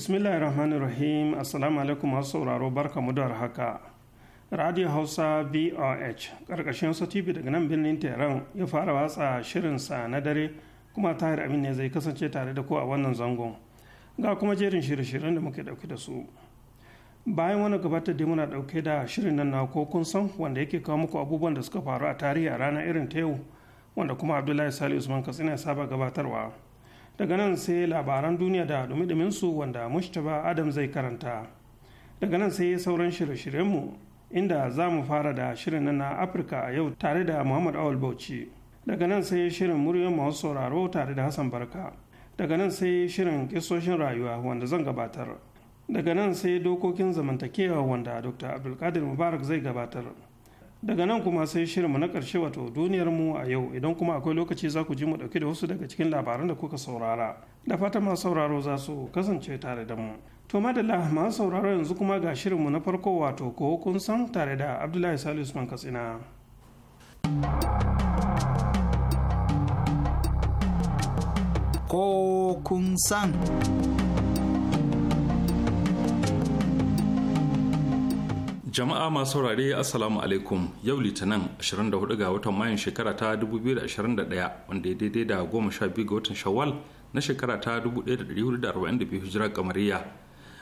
bismillahirrahmanirrahim assalamu alaikum masu sauraro barka mu da haka radio hausa boh karkashin tv daga nan birnin tehran ya fara watsa shirinsa na dare kuma tahir amin ne zai kasance tare da ko a wannan zangon ga kuma jerin shirye-shiryen da muke dauke da su bayan wani gabatar da muna dauke da shirin nan na ko kun san wanda yake kawo muku abubuwan da suka faru a tarihi a ranar irin ta yau wanda kuma abdullahi sali usman katsina ya saba gabatarwa daga nan sai labaran duniya da dumi su wanda mushtaba adam zai karanta daga nan sai sauran shirye-shiryenmu inda za mu fara da shirin na afirka a yau tare da muhammad awal bauchi daga nan sai shirin muryar masu sauraro tare da hassan barka daga nan sai shirin kisoshin rayuwa wanda zan gabatar daga nan sai dokokin zamantakewa wanda dr abdulkadir mubarak zai gabatar daga nan kuma sai shirin mu na ƙarshe wato duniyarmu a yau idan kuma akwai lokaci za ku ji mu ɗauki da wasu daga cikin labaran da kuka saurara da fata masu sauraro za su kasance tare da mu to madalla masu sauraro yanzu kuma ga shirin mu na farko wato ko kun san tare da abdullahi salisu usman katsina ko kun san Jama'a masu saurare Assalamu alaikum yau Litinin 24 ga watan Mayun shekara ta 2021 wanda ya daidai da 12 ga watan Shawwal na shekara ta 1442 hijira kamariya.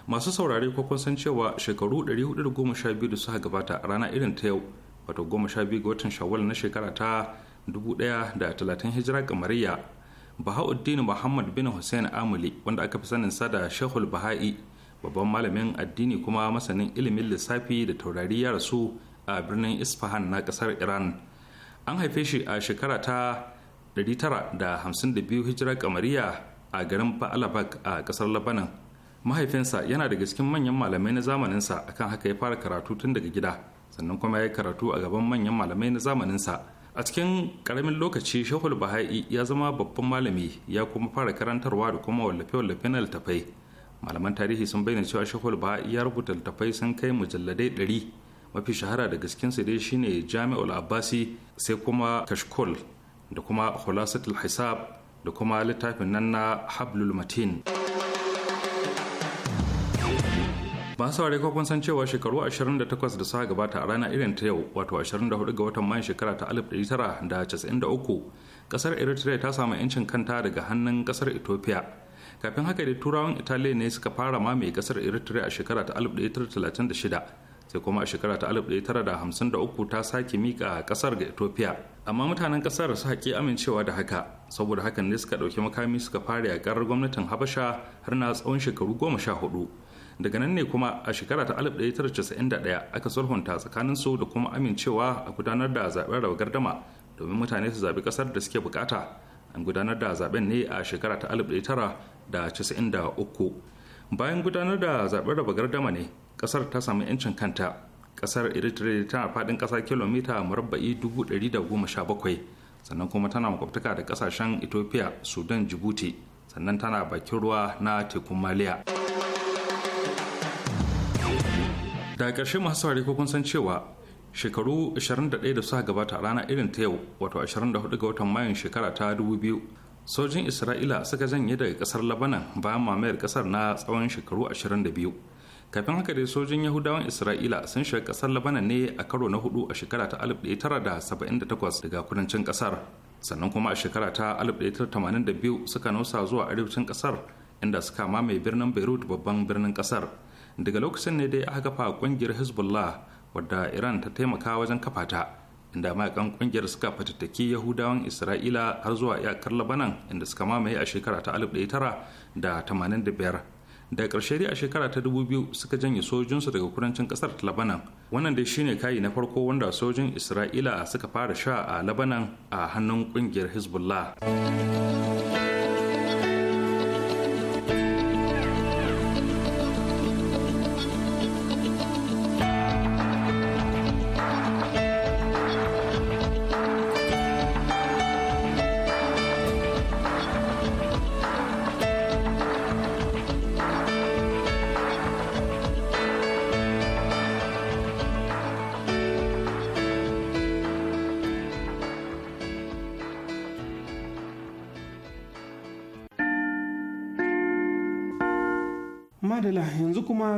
Masu saurare ko kun san cewa shekaru 412 da suka gabata a rana irin ta yau wato 12 ga watan Shawwal na shekara ta 1030 hijira kamariya. Bahauddin Muhammad bin Hussein Amuli wanda aka fi sanin sa da Shehul Baha'i babban malamin addini kuma masanin ilimin lissafi da taurari ya rasu a birnin isfahan na kasar iran an haife shi a shekara ta 952 hijirar kamariya a garin ba'alabak a kasar labanan mahaifinsa yana da cikin manyan malamai na zamaninsa akan haka ya fara karatu tun daga gida sannan kuma ya yi karatu a gaban manyan malamai na zamaninsa a cikin karamin lokaci shehul baha'i ya zama babban malami ya kuma fara karantarwa da kuma wallafe-wallafe na littafai malaman tarihi sun bayyana cewa shehul ba ya rubuta littattafai sun kai mujalladai ɗari mafi shahara da gaskin sa dai shine jami'ul abbasi sai kuma kashkol da kuma khulasatul hisab da kuma littafin nan na hablul matin su ware kun san cewa shekaru 28 da suka gabata a rana irin ta yau wato 24 ga watan mayan shekara ta 1993 kasar eritrea ta samu 'yancin kanta daga hannun kasar ethiopia kafin haka da turawan italiya ne suka fara mamaye kasar eritrea a shekara ta 1936 sai kuma a shekara ta 1953 ta sake mika kasar ga ethiopia amma mutanen kasar su haƙi amincewa da haka saboda hakan ne suka ɗauki makami suka fara yakar gwamnatin habasha har na tsawon shekaru goma sha hudu daga nan ne kuma a shekara ta 1991 aka sulhunta tsakanin su da kuma amincewa a gudanar da zaben raba gardama domin mutane su zaɓi kasar da suke bukata an gudanar da zaben ne a shekara ta da 93 bayan gudanar da zaɓen raba gardama ne ƙasar ta sami 'yancin kanta ƙasar eritrea tana faɗin ƙasa kilomita murabba'i 117 sannan kuma tana makwabtaka da ƙasashen ethiopia sudan djibouti sannan tana bakin ruwa na tekun maliya da ƙarshe masu saurari ko kun san cewa shekaru 21 da suka gabata a rana irin ta yau wato 24 ga watan mayun shekara ta biyu. sojin isra'ila suka janye daga kasar labanan bayan mamayar kasar na tsawon shekaru 22 kafin haka dai sojin yahudawan isra'ila sun shiga kasar labanan ne a karo na hudu a shekara ta 1978 daga kudancin kasar sannan kuma a shekara ta 1982 suka nausa zuwa arewacin kasar inda suka mamaye birnin beirut babban birnin kasar daga lokacin ne dai aka kafa kungiyar hezbollah wadda iran ta taimaka wajen kafa ta inda mayakan kungiyar suka fatattaki yahudawan isra'ila har zuwa iyakar labanan inda suka mamaye a shekara ta 1985 da da biyar ƙarshe dai a shekara ta dubu biyu suka janye sojinsu daga kudancin ƙasar ta labanan wannan dai shine kayi na farko wanda sojin isra'ila suka fara sha a labanan a hannun kungiyar hezbollah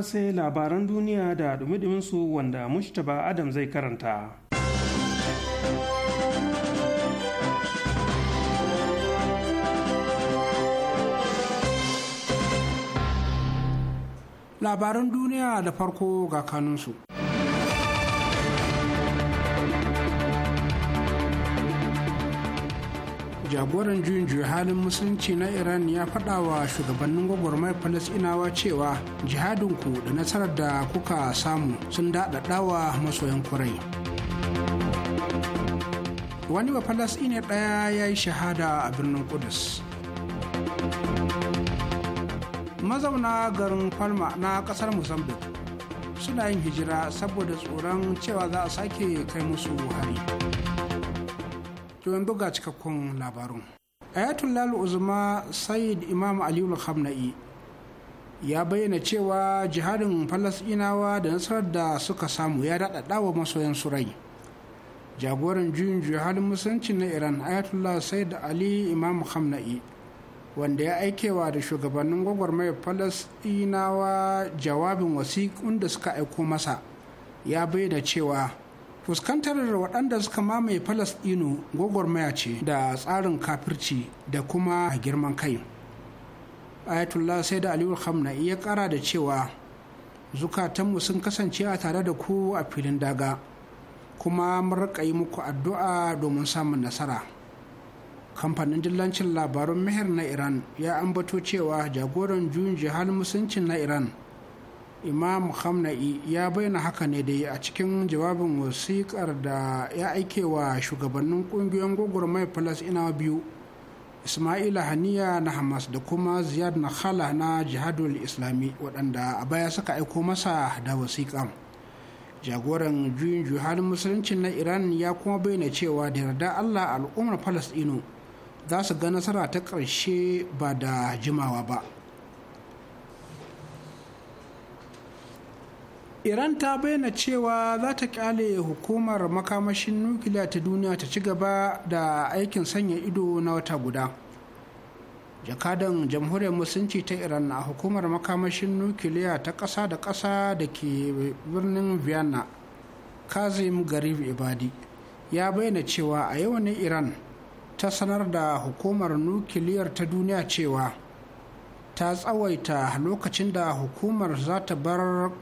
sai labaran duniya da dumi su wanda Mustapha Adam zai karanta. Labaran duniya da farko ga kanunsu. jagoran juyin juya halin musulunci na iran ya faɗa wa shugabannin gwagwarmayar falasinawa cewa jihadinku da nasarar da kuka samu sun daɗaɗa wa masoyan kurai wani ba falasɗina ɗaya ya yi shahada a birnin kudus mazauna garin palma na ƙasar mozambique suna yin hijira saboda tsoron cewa za a sake kai musu hari to yanzu ga cikakkun labarun. ayatollah uzma sayyid imam aliyu khamna'i ya bayyana cewa jihadin falasɗinawa da nasarar da suka samu ya daɗaɗa wa masoyan surai jagoran juyin jihadin musulunci na iran ayatollah sayyid ali imam khamna'i wanda ya aikewa da shugabannin gwagwarmayar falasɗinawa jawabin wasiƙun da suka aiko masa ya bayyana cewa fuskantar da waɗanda suka mamaye falasɗinu gwagwarmaya ce da tsarin kafirci da kuma a girman kai ayatollah sai da aliyu na iya ƙara da cewa zukatanmu sun kasance a tare da ku a filin daga kuma mun yi muku addu'a domin samun nasara kamfanin dillancin labarun Meher na iran ya ambato cewa jagoran juyin jihar musuncin na iran imam hamna'i ya bayyana haka ne dai a cikin jawabin wasikar da ya aike wa shugabannin ƙungiyoyin plus ina biyu ismaila haniya na hamas da kuma ziyad na khala na jihadul islami waɗanda a baya suka aiko masa da wasiƙan jagoran juyin juhalin musulunci na iran ya kuma bayyana cewa da yarda allah al'ummar falasɗinu za su ga nasara ta ƙarshe ba da jimawa ba iran ta bayyana cewa za ta kyale hukumar makamashin nukiliya ta duniya ta ci gaba da aikin sanya ido na wata guda jakadan jamhuriyar musulunci ta iran a hukumar makamashin nukiliya ta ƙasa da ƙasa da ke birnin vienna kazim garib ibadi ya bayyana cewa a yau ne iran ta sanar da hukumar nukiliyar ta duniya cewa ta tsawaita lokacin da hukumar za ta bar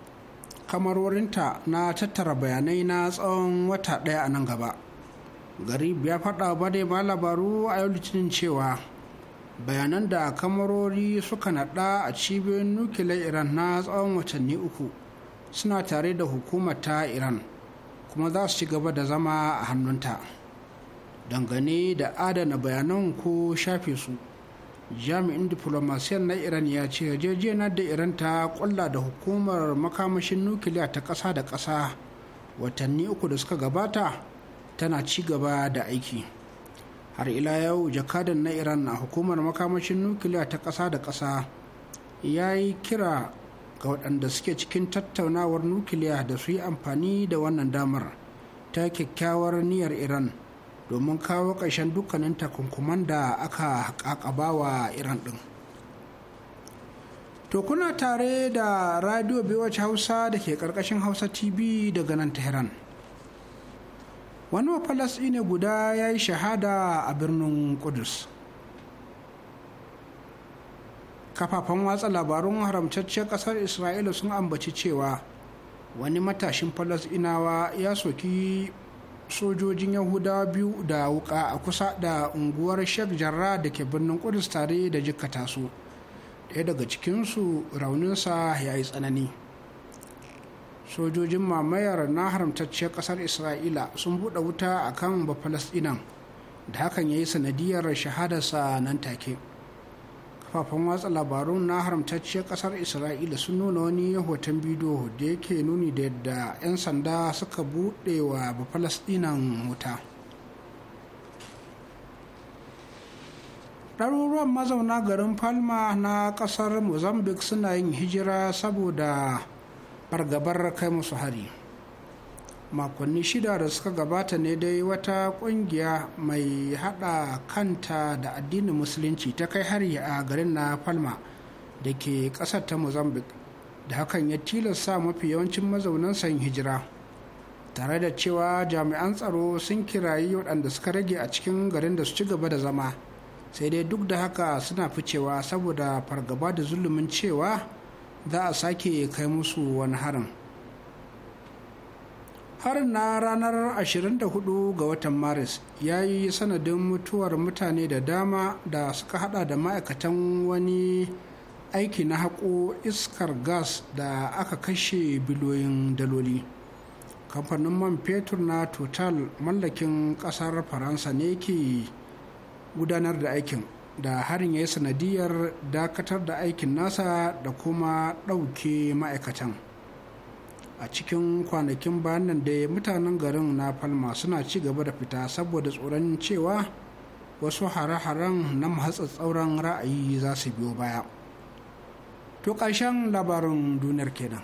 kamarorinta na tattara bayanai na tsawon wata ɗaya a nan gaba garib ya faɗa ba dai ba labaru a yau litinin cewa bayanan da kamarori suka naɗa a cibiyoyin nukiliyar iran na tsawon watanni uku suna tare da hukumar ta iran kuma za su ci gaba da zama a hannunta dangane da adana bayanan ko shafe su jami'in diflomasiyan na iran ya ce yarjejeniyar da iran ta kulla da hukumar makamashin nukiliya ta ƙasa da ƙasa watanni uku da suka gabata tana ci gaba da aiki har ila yau jakadan na iran na hukumar makamashin nukiliya ta ƙasa da ƙasa ya yi kira ga waɗanda suke cikin tattaunawar nukiliya da su yi amfani da wannan damar ta kyakkyawar niyyar iran domin kawo ƙarshen dukkanin takunkuman da aka ƙaƙabawa iran ɗin to kuna tare da radio bewach hausa da ke ƙarƙashin hausa tv daga nan tehran wani wa ne guda ya yi shahada a birnin kudus kafafen watsa labarun haramtacciyar ƙasar isra'ila sun ambaci cewa wani matashin falasɗinawa ya soki sojojin yahudawa biyu da wuka a kusa da unguwar sheikh jarra da ke birnin kudus tare da jikata su ɗaya daga cikinsu rauninsa ya yi tsanani sojojin mamayar na haramtacciyar ƙasar isra'ila sun buɗe wuta a kan bafalasɗinan da hakan ya yi sanadiyar shahadarsa nan take kafafen watsa labarun na haramtacciyar kasar isra'ila sun nuna wani hoton bidiyo da yake nuni da yadda 'yan sanda suka buɗe wa bafalastinan wuta ɗaruruwan mazauna garin palma na ƙasar mozambique suna yin hijira saboda fargabar kai musu hari makonni shida da suka gabata ne dai wata kungiya mai hada kanta da addinin musulunci ta kai hari a garin na palma da ke kasar ta mozambique da hakan ya tilasta mafi yawancin mazaunan san hijira tare da cewa jami'an tsaro sun kirayi waɗanda suka rage a cikin garin da su ci gaba da zama sai dai duk da haka suna ficewa saboda fargaba da zulumin cewa za a sake kai musu wani harin har na ranar 24 ga watan maris ya yi sanadin mutuwar mutane da dama da suka hada da ma'aikatan wani aiki na haƙo iskar gas da aka kashe biloyin daloli kamfanin man fetur na total mallakin ƙasar faransa ne ke gudanar da aikin da harin ya yi sanadiyar dakatar da aikin nasa da kuma ɗauke ma'aikatan a cikin kwanakin bayan nan da mutanen garin na palma suna ci gaba da fita saboda tsoron cewa wasu hare-haren na tsauran ra'ayi za su biyo baya to ƙarshen labarin duniyar kenan.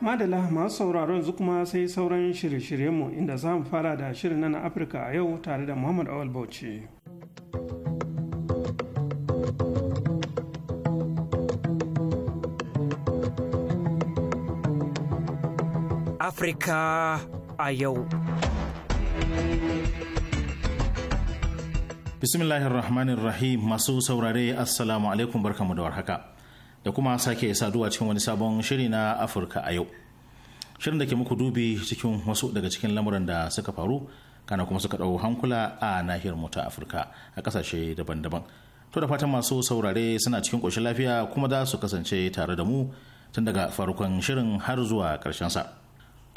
madala masu sauraron yanzu kuma sai sauran shirye-shiryenmu inda za mu fara da shirin na afirka a yau tare da muhammad awal bauchi Afrika a yau. Bismillahir Rahmanir Rahim masu saurare Assalamu alaikum barkamu da warhaka da kuma sake saduwa cikin wani sabon shiri na Afirka a yau. Shirin da ke muku dubi cikin wasu daga cikin lamuran da suka faru kana kuma suka ɗau hankula a nahiyar mu ta Afirka a ƙasashe daban-daban. To da fatan masu saurare suna cikin ƙoshin lafiya kuma za su kasance tare da mu tun daga farkon shirin har zuwa ƙarshen sa.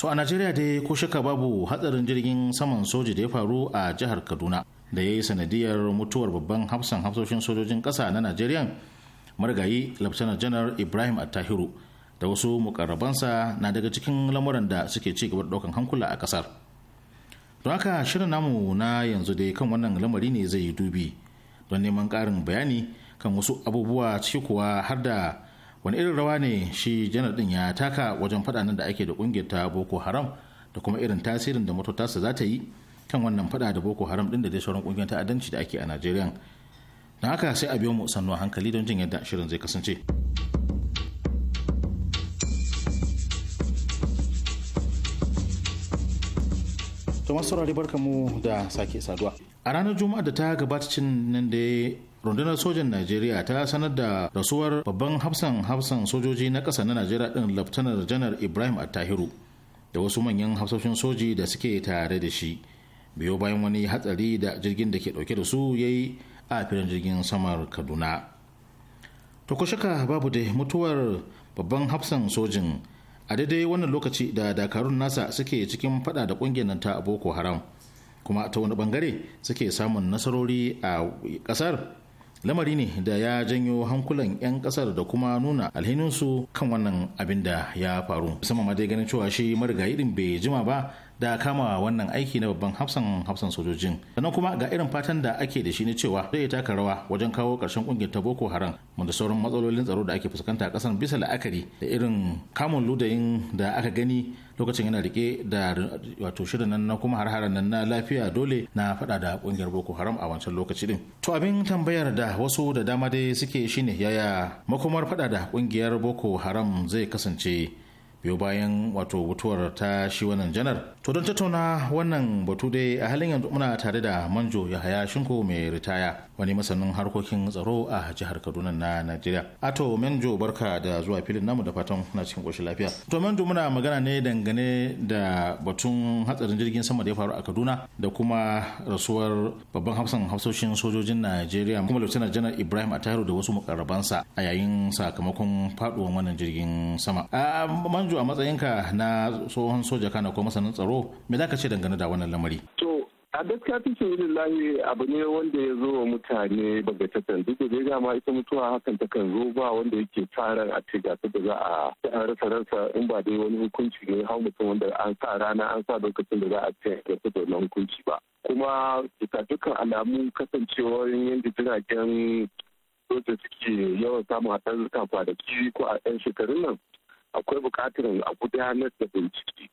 To a Najeriya dai ko shaka babu hatsarin jirgin saman soji da ya faru a jihar Kaduna da ya yi sanadiyar mutuwar babban hafsan hafsoshin sojojin ƙasa na Najeriya marigayi Laftanar Janar Ibrahim Attahiru da wasu mukarrabansa na daga cikin lamuran da suke ci gaba da ɗaukan hankula a ƙasar. Don haka shirin namu na yanzu dai kan wannan lamari ne zai yi dubi don neman ƙarin bayani kan wasu abubuwa ciki kuwa har da wani irin rawa ne shi janar din ya taka wajen fada nan da ake da kungiyar ta boko haram da kuma irin tasirin da matotarsa za ta yi kan wannan fada da boko haram din da dai sauran kungiyar ta'addanci da ake a najeriya don haka sai a biyo mu sannu hankali don jin yadda shirin zai kasance. to masu mu da sake saduwa a ranar juma'a da ta gabata cin nan da rundunar sojan najeriya ta sanar da rasuwar babban hafsan hafsan sojoji na ƙasa na najeriya ɗin laftanar janar ibrahim attahiru da wasu manyan hafsoshin soji da suke tare da shi biyo bayan wani hatsari da jirgin da ke ɗauke da su ya yi a filin jirgin samar kaduna to babu da mutuwar babban hafsan sojin a daidai wannan lokaci da dakarun nasa suke cikin fada da ƙungiyar ta boko haram kuma ta wani bangare suke samun nasarori a ƙasar lamari ne da ya janyo hankulan 'yan kasar da kuma nuna alhininsu kan wannan abin da ya faru musamman ma dai ganin cewa shi marigayi din bai jima ba da kama wannan aiki na babban hafsan hafsan sojojin sannan kuma ga irin fatan da ake da shi ne cewa zai taka rawa wajen kawo ƙarshen ƙungiyar ta boko haram da sauran matsalolin tsaro da ake fuskanta a ƙasar bisa la'akari da irin kamun ludayin da aka gani lokacin yana rike da wato shirin nan na kuma har-haren nan na lafiya dole na fada da kungiyar boko haram a wancan lokaci din to abin tambayar da wasu da dama dai suke shine yaya makomar fada da kungiyar boko haram zai kasance biyo bayan wato mutuwar ta shi wannan janar To don tattauna wannan batu dai a halin yanzu muna tare da Manjo Yahaya Shinko mai ritaya wani masanin harkokin tsaro a jihar Kaduna na Najeriya. Ato Manjo barka da zuwa filin namu da fatan kuna cikin koshin lafiya. To Manjo muna magana ne dangane da batun hatsarin jirgin sama da ya faru a Kaduna da kuma rasuwar babban hafsan hafsoshin sojojin Najeriya kuma Lieutenant Janar Ibrahim Atahiru da wasu mukarrabansa a yayin sakamakon faduwan wannan jirgin sama. Manjo a matsayinka na tsohon soja kana ko masanin tsaro tsaro me za ka ce dangane da wannan lamari to a gaskiya fi lillahi abu ne wanda ya zo wa mutane bagatatan duk da dai dama ita mutuwa hakan ta kan zo ba wanda yake tsaron a ce ga da za a an rasa rasa in ba dai wani hukunci ne hau mutum wanda an sa rana an sa lokacin da za a ce ga da hukunci ba kuma duka dukkan alamu kasancewar yadda jiragen soja suke yawan samun hatsarurruka kwanaki ko a 'yan shekarun nan akwai bukatar a gudanar da bincike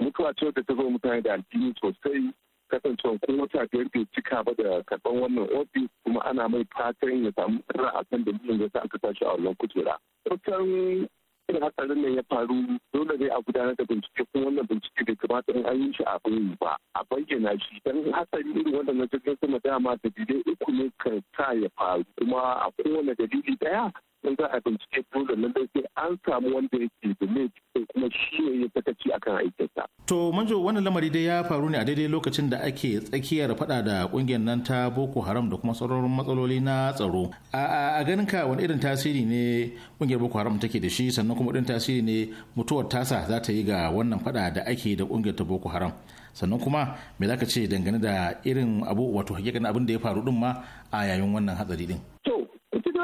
mutuwa ce da ta zo mutane da alfini sosai kasancewa ko wata biyar bai cika ba da karban wannan ofis kuma ana mai fatan ya samu tsara a kan da ya sa aka tashi a wannan kujera. Kusan irin hatsarin nan ya faru dole ne a gudanar da bincike kuma wannan bincike bai kamata in an yi shi a bayyana ba a bayyana shi dan hatsari irin wannan na jirgin sama dama da dalilai uku ne kan sa ya faru kuma a kowane dalili daya in za a bincike dole da sai an samu wanda yake da laifi ko kuma shi ne ya ci akan aikinsa. To manjo wannan lamari dai ya faru ne a daidai lokacin da ake tsakiyar faɗa da kungiyar nan ta Boko Haram da kuma sauran matsaloli na tsaro. A ganin ka wani irin tasiri ne kungiyar Boko Haram take da shi sannan kuma irin tasiri ne mutuwar tasa za ta yi ga wannan faɗa da ake da kungiyar ta Boko Haram. sannan kuma me zaka ce dangane da irin abu wato hakikanin abin da ya faru din ma a yayin wannan hatsari din to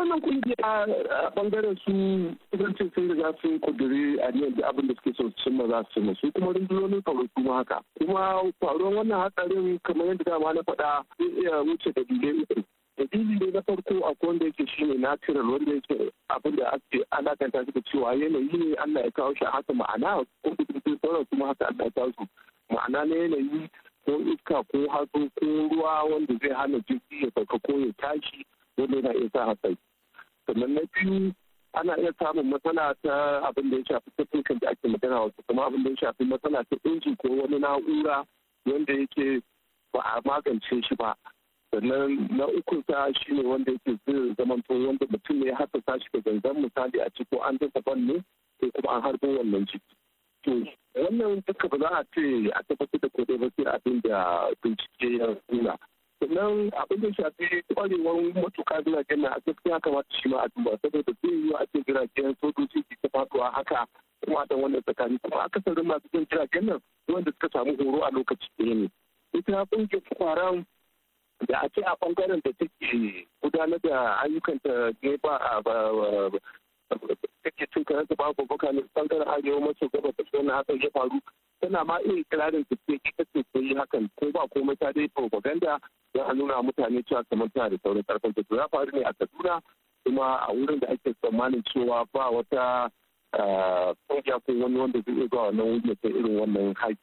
wannan kungiya a bangaren su kudancin sun riga sun kudure a niyan da abin da suke so su cimma za su cimma su kuma rundunonin tsaro su ma haka kuma faruwar wannan hatsarin kamar yadda dama na faɗa zai iya wuce da uku dalili ne na farko a wanda yake shi ne natural wanda yake abin da ake alakanta shi da cewa yanayi ne Allah ya kawo shi a haka ma'ana ko da sauran kuma haka Allah ya kawo su ma'ana na yanayi ko iska ko hatsu ko ruwa wanda zai hana jirgi ya sauka ko ya tashi wanda yana iya sa hatsari sannan na biyu ana iya samun matsala ta abin da ya shafi tafikan da ake magana wasu kuma abin da ya shafi matsala ta inji ko wani na'ura wanda yake ba a magance shi ba sannan na uku ta shi ne wanda yake zai zamanto wanda mutum ne ya hassasa shi ga zanzan misali a ciki an dasa ban ne ko kuma an harbo wannan ciki to wannan duka ba za a ce a tabbatar da kodai ba sai abin da bincike ya nuna sannan abin da shafi kwarewar matuka jiragen na gaskiya kamata shi ma a duba saboda zai yi a ce jiragen sojoji ke ta faduwa haka kuma da wannan tsakani kuma akasarin masu jin jiragen nan wanda suka samu horo a lokaci ɗaya ne ita kungiyar kwaran da a a bangaren da take gudanar da ayyukan ta ba saboda take cin kayan ba babu baka ne bangaren arewa maso gaba da wannan hakan ya faru tana ma irin kirarin su ke ita ce yi hakan ko ba ko mata dai propaganda ya a nuna mutane cewa kamar tana da sauran karfin ta ya faru ne a kaduna kuma a wurin da ake tsammanin cewa ba wata ah, kungiya ko wani wanda zai iya zuwa nan wuri ya irin wannan haƙi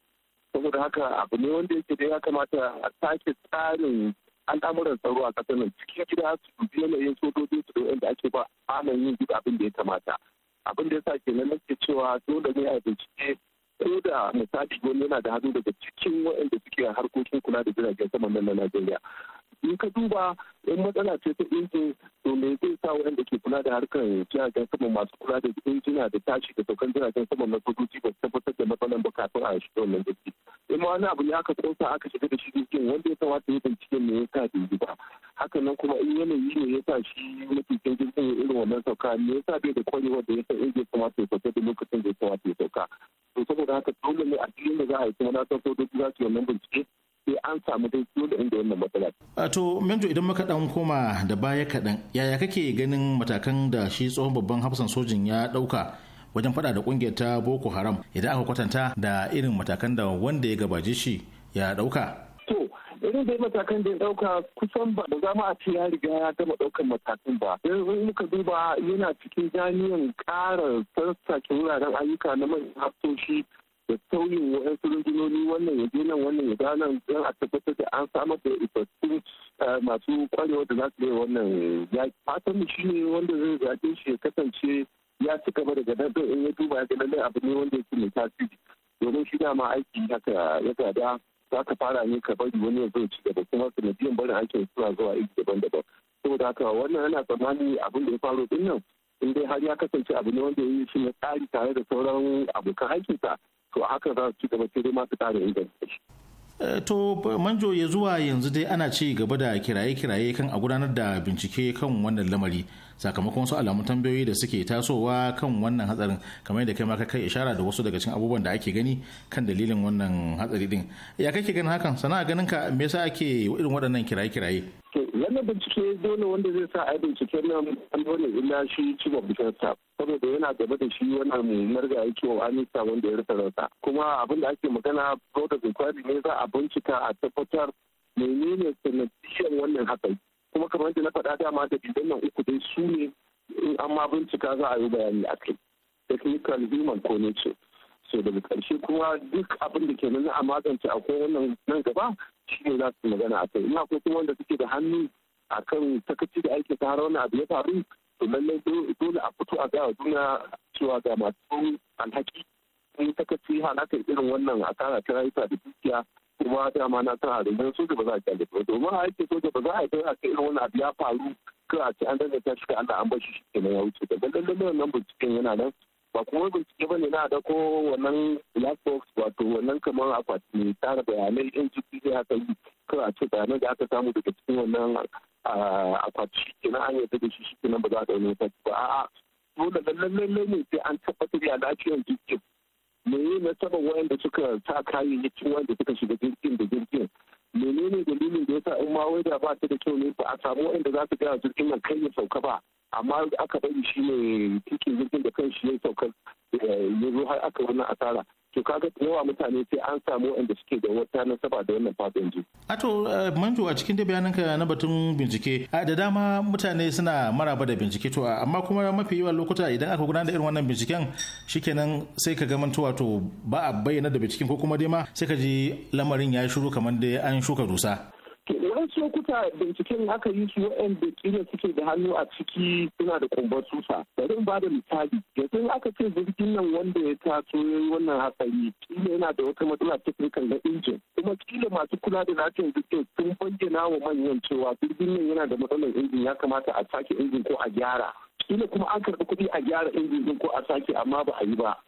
saboda haka abu ne wanda yake da ya kamata a sake tsarin an al'amuran tsaro a ƙasar nan cikin gida su dubi yanayin sojoji su da ake ba anan yin duk abin da ya kamata abin da ya sa na nake cewa dole ne a bincike ko da misali wani yana da hannu daga cikin waɗanda suke harkokin kula da jiragen sama nan na Najeriya in ka duba in matsala ce ta injin to me zai sa wanda ke kula da harkar jiragen sama masu kula da injina da tashi da saukan jiragen sama na sojoji ba su tabbatar da matsalan ba kafin a shi wannan jirgi in ma wani abu ne aka kosa aka shiga da shi jirgin wanda ya kamata ya bincike me ya sa yi ba haka nan kuma in yanayi ne ya sa shi matukin jirgin ya irin wannan sauka me ya sa bai da kwarewa da ya sa inda kuma sai ya sauka lokacin da ya kamata ya sauka to saboda haka dole ne a cikin da za a yi kuma na san sojoji za su yi wannan bincike sai an samu dai ciwo da inda wannan matsala. A to Mendo idan muka ɗan koma da baya kaɗan yaya kake ganin matakan da shi tsohon babban hafsan sojin ya ɗauka wajen faɗa da ƙungiyar ta Boko Haram idan aka kwatanta da irin matakan da wanda ya gabaje shi ya ɗauka. To irin dai matakan da ya ɗauka, kusan ba da zama a ce ya riga ya gama ɗaukar matakan ba yanzu muka duba yana cikin jami'an ƙara sassake wuraren ayyuka na manyan hafsoshi da sauyin su rundunoni wannan ya nan wannan ya nan don a tabbatar da an samar da isassun eh, masu kwarewa da za su yi wannan ya Fatan shi ne wanda zai zaɓe shi ya kasance ya ci gaba daga nan in ya duba ya ga lallai abu ne wanda yake mai tasiri domin shi dama aiki haka ya gada za ka fara ne ka bari wani ya zo ci gaba kuma biyan barin aikin suna zuwa aiki daban-daban saboda haka wannan yana tsammani abin da ya faru din nan in dai har ya kasance abu ne wanda ya yi shi na tsari tare da sauran abokan aikinsa to haka za su ci gaba sai dai masu ƙara inganta shi. Eh, to manjo ya zuwa yanzu dai ana ci gaba da kiraye-kiraye kan a gudanar da bincike kan wannan lamari sakamakon su alamun tambayoyi da suke tasowa kan wannan hatsarin kamar yadda kai ma ka kai ishara da wasu daga cikin abubuwan da ake gani kan dalilin wannan hatsari din ya kake ganin hakan sana'a ganin ka me yasa ake irin waɗannan kiraye-kiraye wannan bincike dole wanda zai sa a bincike nan an dole illa shi chief of ta saboda yana gaba da shi wannan marga aiki wa Anisa wanda ya rasa rasa kuma abin da ake magana product kwari ne za a bincika a tabbatar menene sanadiyan wannan hatsari kuma kamar yadda na faɗa dama da bidan nan uku dai su ne in an ma bincika za a yi bayani a kai technical human connection so daga ƙarshe kuma duk abin da ke nan a magance akwai wannan nan gaba shi ne za su magana a kai ina akwai kuma wanda suke da hannu a kan da aiki ta har wani abu ya faru to lallai dole a fito a gaya juna cewa ga masu alhaki sun takaci halakar irin wannan asara ta rayuka da dukiya kuma dama na san harin don soja ba za a kyale ba domin a yake soja ba za a yi a kai irin wani abu ya faru kar a ce an ta shi ka da an bashi shi kenan ya wuce da lallai wannan binciken yana nan ba kuma bincike ba ne na da ko wannan black box wato wannan kamar akwati tara bayanai in jiki zai haka yi kar a ce bayanai da aka samu daga cikin wannan akwati shi kenan an yarda da shi shi kenan ba za a ɗauki ba a'a dole lallai ne sai an tabbatar ya lafiyar jikin me na nasaba wayanda suka sa kayayyakin wanda suka shiga jirgin da jirgin menene dalilin da yasa in ma da ba ta da kyau ne ba a samu wayanda za su gaya jirgin nan kai ya sauka ba amma aka bari shi ne tikin jirgin da kan shi ya sauka eh, ya zo har aka wannan asara to kaga yawa mutane sai an samu waɗanda suke da wata nasaba da wannan fasinji. a to eh, manjo a cikin da bayananka na batun bincike da dama mutane suna maraba da bincike to amma kuma mafi yawan lokuta idan aka gudanar da irin wannan binciken shikenan sai ka ga mantuwa to ba a bayyana da binciken ko kuma dai ma sai ka ji lamarin ya shiru kamar dai an shuka dusa wasu lokuta binciken aka yi su da kila suke da hannu a ciki suna da kumbar susa bari in ba da misali yanzu aka ce jirgin nan wanda ya taso ya yi wannan hatsari kila yana da wata matsala teknikan na injin kuma kila masu kula da lafiyar jirgin sun bayyana wa manyan cewa jirgin nan yana da matsalar injin ya kamata a sake injin ko a gyara kila kuma an karɓi kuɗi a gyara injin ko a sake amma ba a yi ba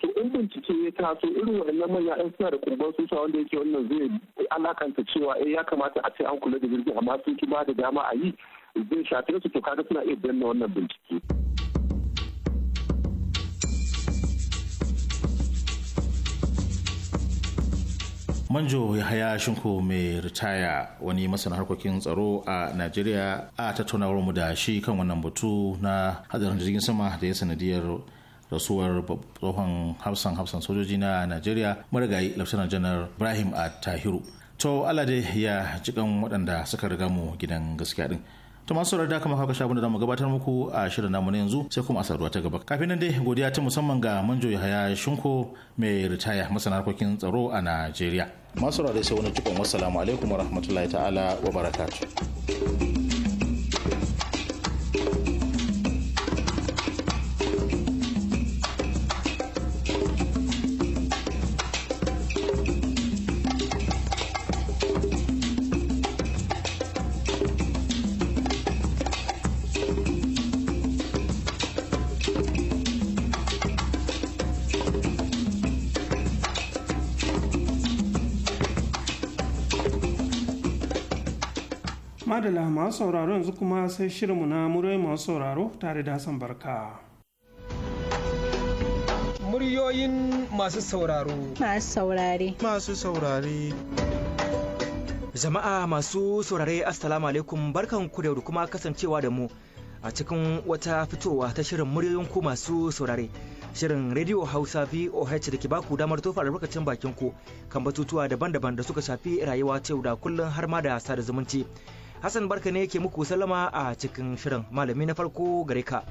to in bincike ya taso irin waɗannan manya ɗan suna da kumban susa wanda yake wannan zai alakanta cewa eh ya kamata a ce an kula da jirgin amma sun ki ba da dama a yi zai shafe su to kaga suna iya danna wannan bincike. manjo yahaya shinko mai ritaya wani masana harkokin tsaro a najeriya a tattaunawar mu da shi kan wannan batu na hadarin jirgin sama da ya sanadiyar rasuwar tsohon hafsan hafsan sojoji na najeriya marigayi lafsanar janar ibrahim a tahiru to alade ya jikan waɗanda suka riga mu gidan gaskiya din to masu da kama haka shabu da mu gabatar muku a shirin namu yanzu sai kuma a saduwa ta gaba kafin nan dai godiya ta musamman ga manjo yahaya shunko mai ritaya masana harkokin tsaro a najeriya masu da sai wani cikon wassalamu alaikum warahmatullahi ta'ala wa barakatuh Madala masu sauraro yanzu kuma sai shirinmu na muryoyi masu sauraro tare da Hassan Barka. Muryoyin masu sauraro. Masu saurare. Masu saurare. Jama'a masu saurare Assalamu alaikum barkan ku da kuma kasancewa da mu a cikin wata fitowa ta shirin muryoyin ku masu saurare. Shirin Radio Hausa VOH da ke baku damar tofa albarkacin bakin ku kan batutuwa daban-daban da suka shafi rayuwa ta yau da kullum har ma da sada zumunci. Hassan barka ne yake muku salama a cikin shirin malami na farko gare ka.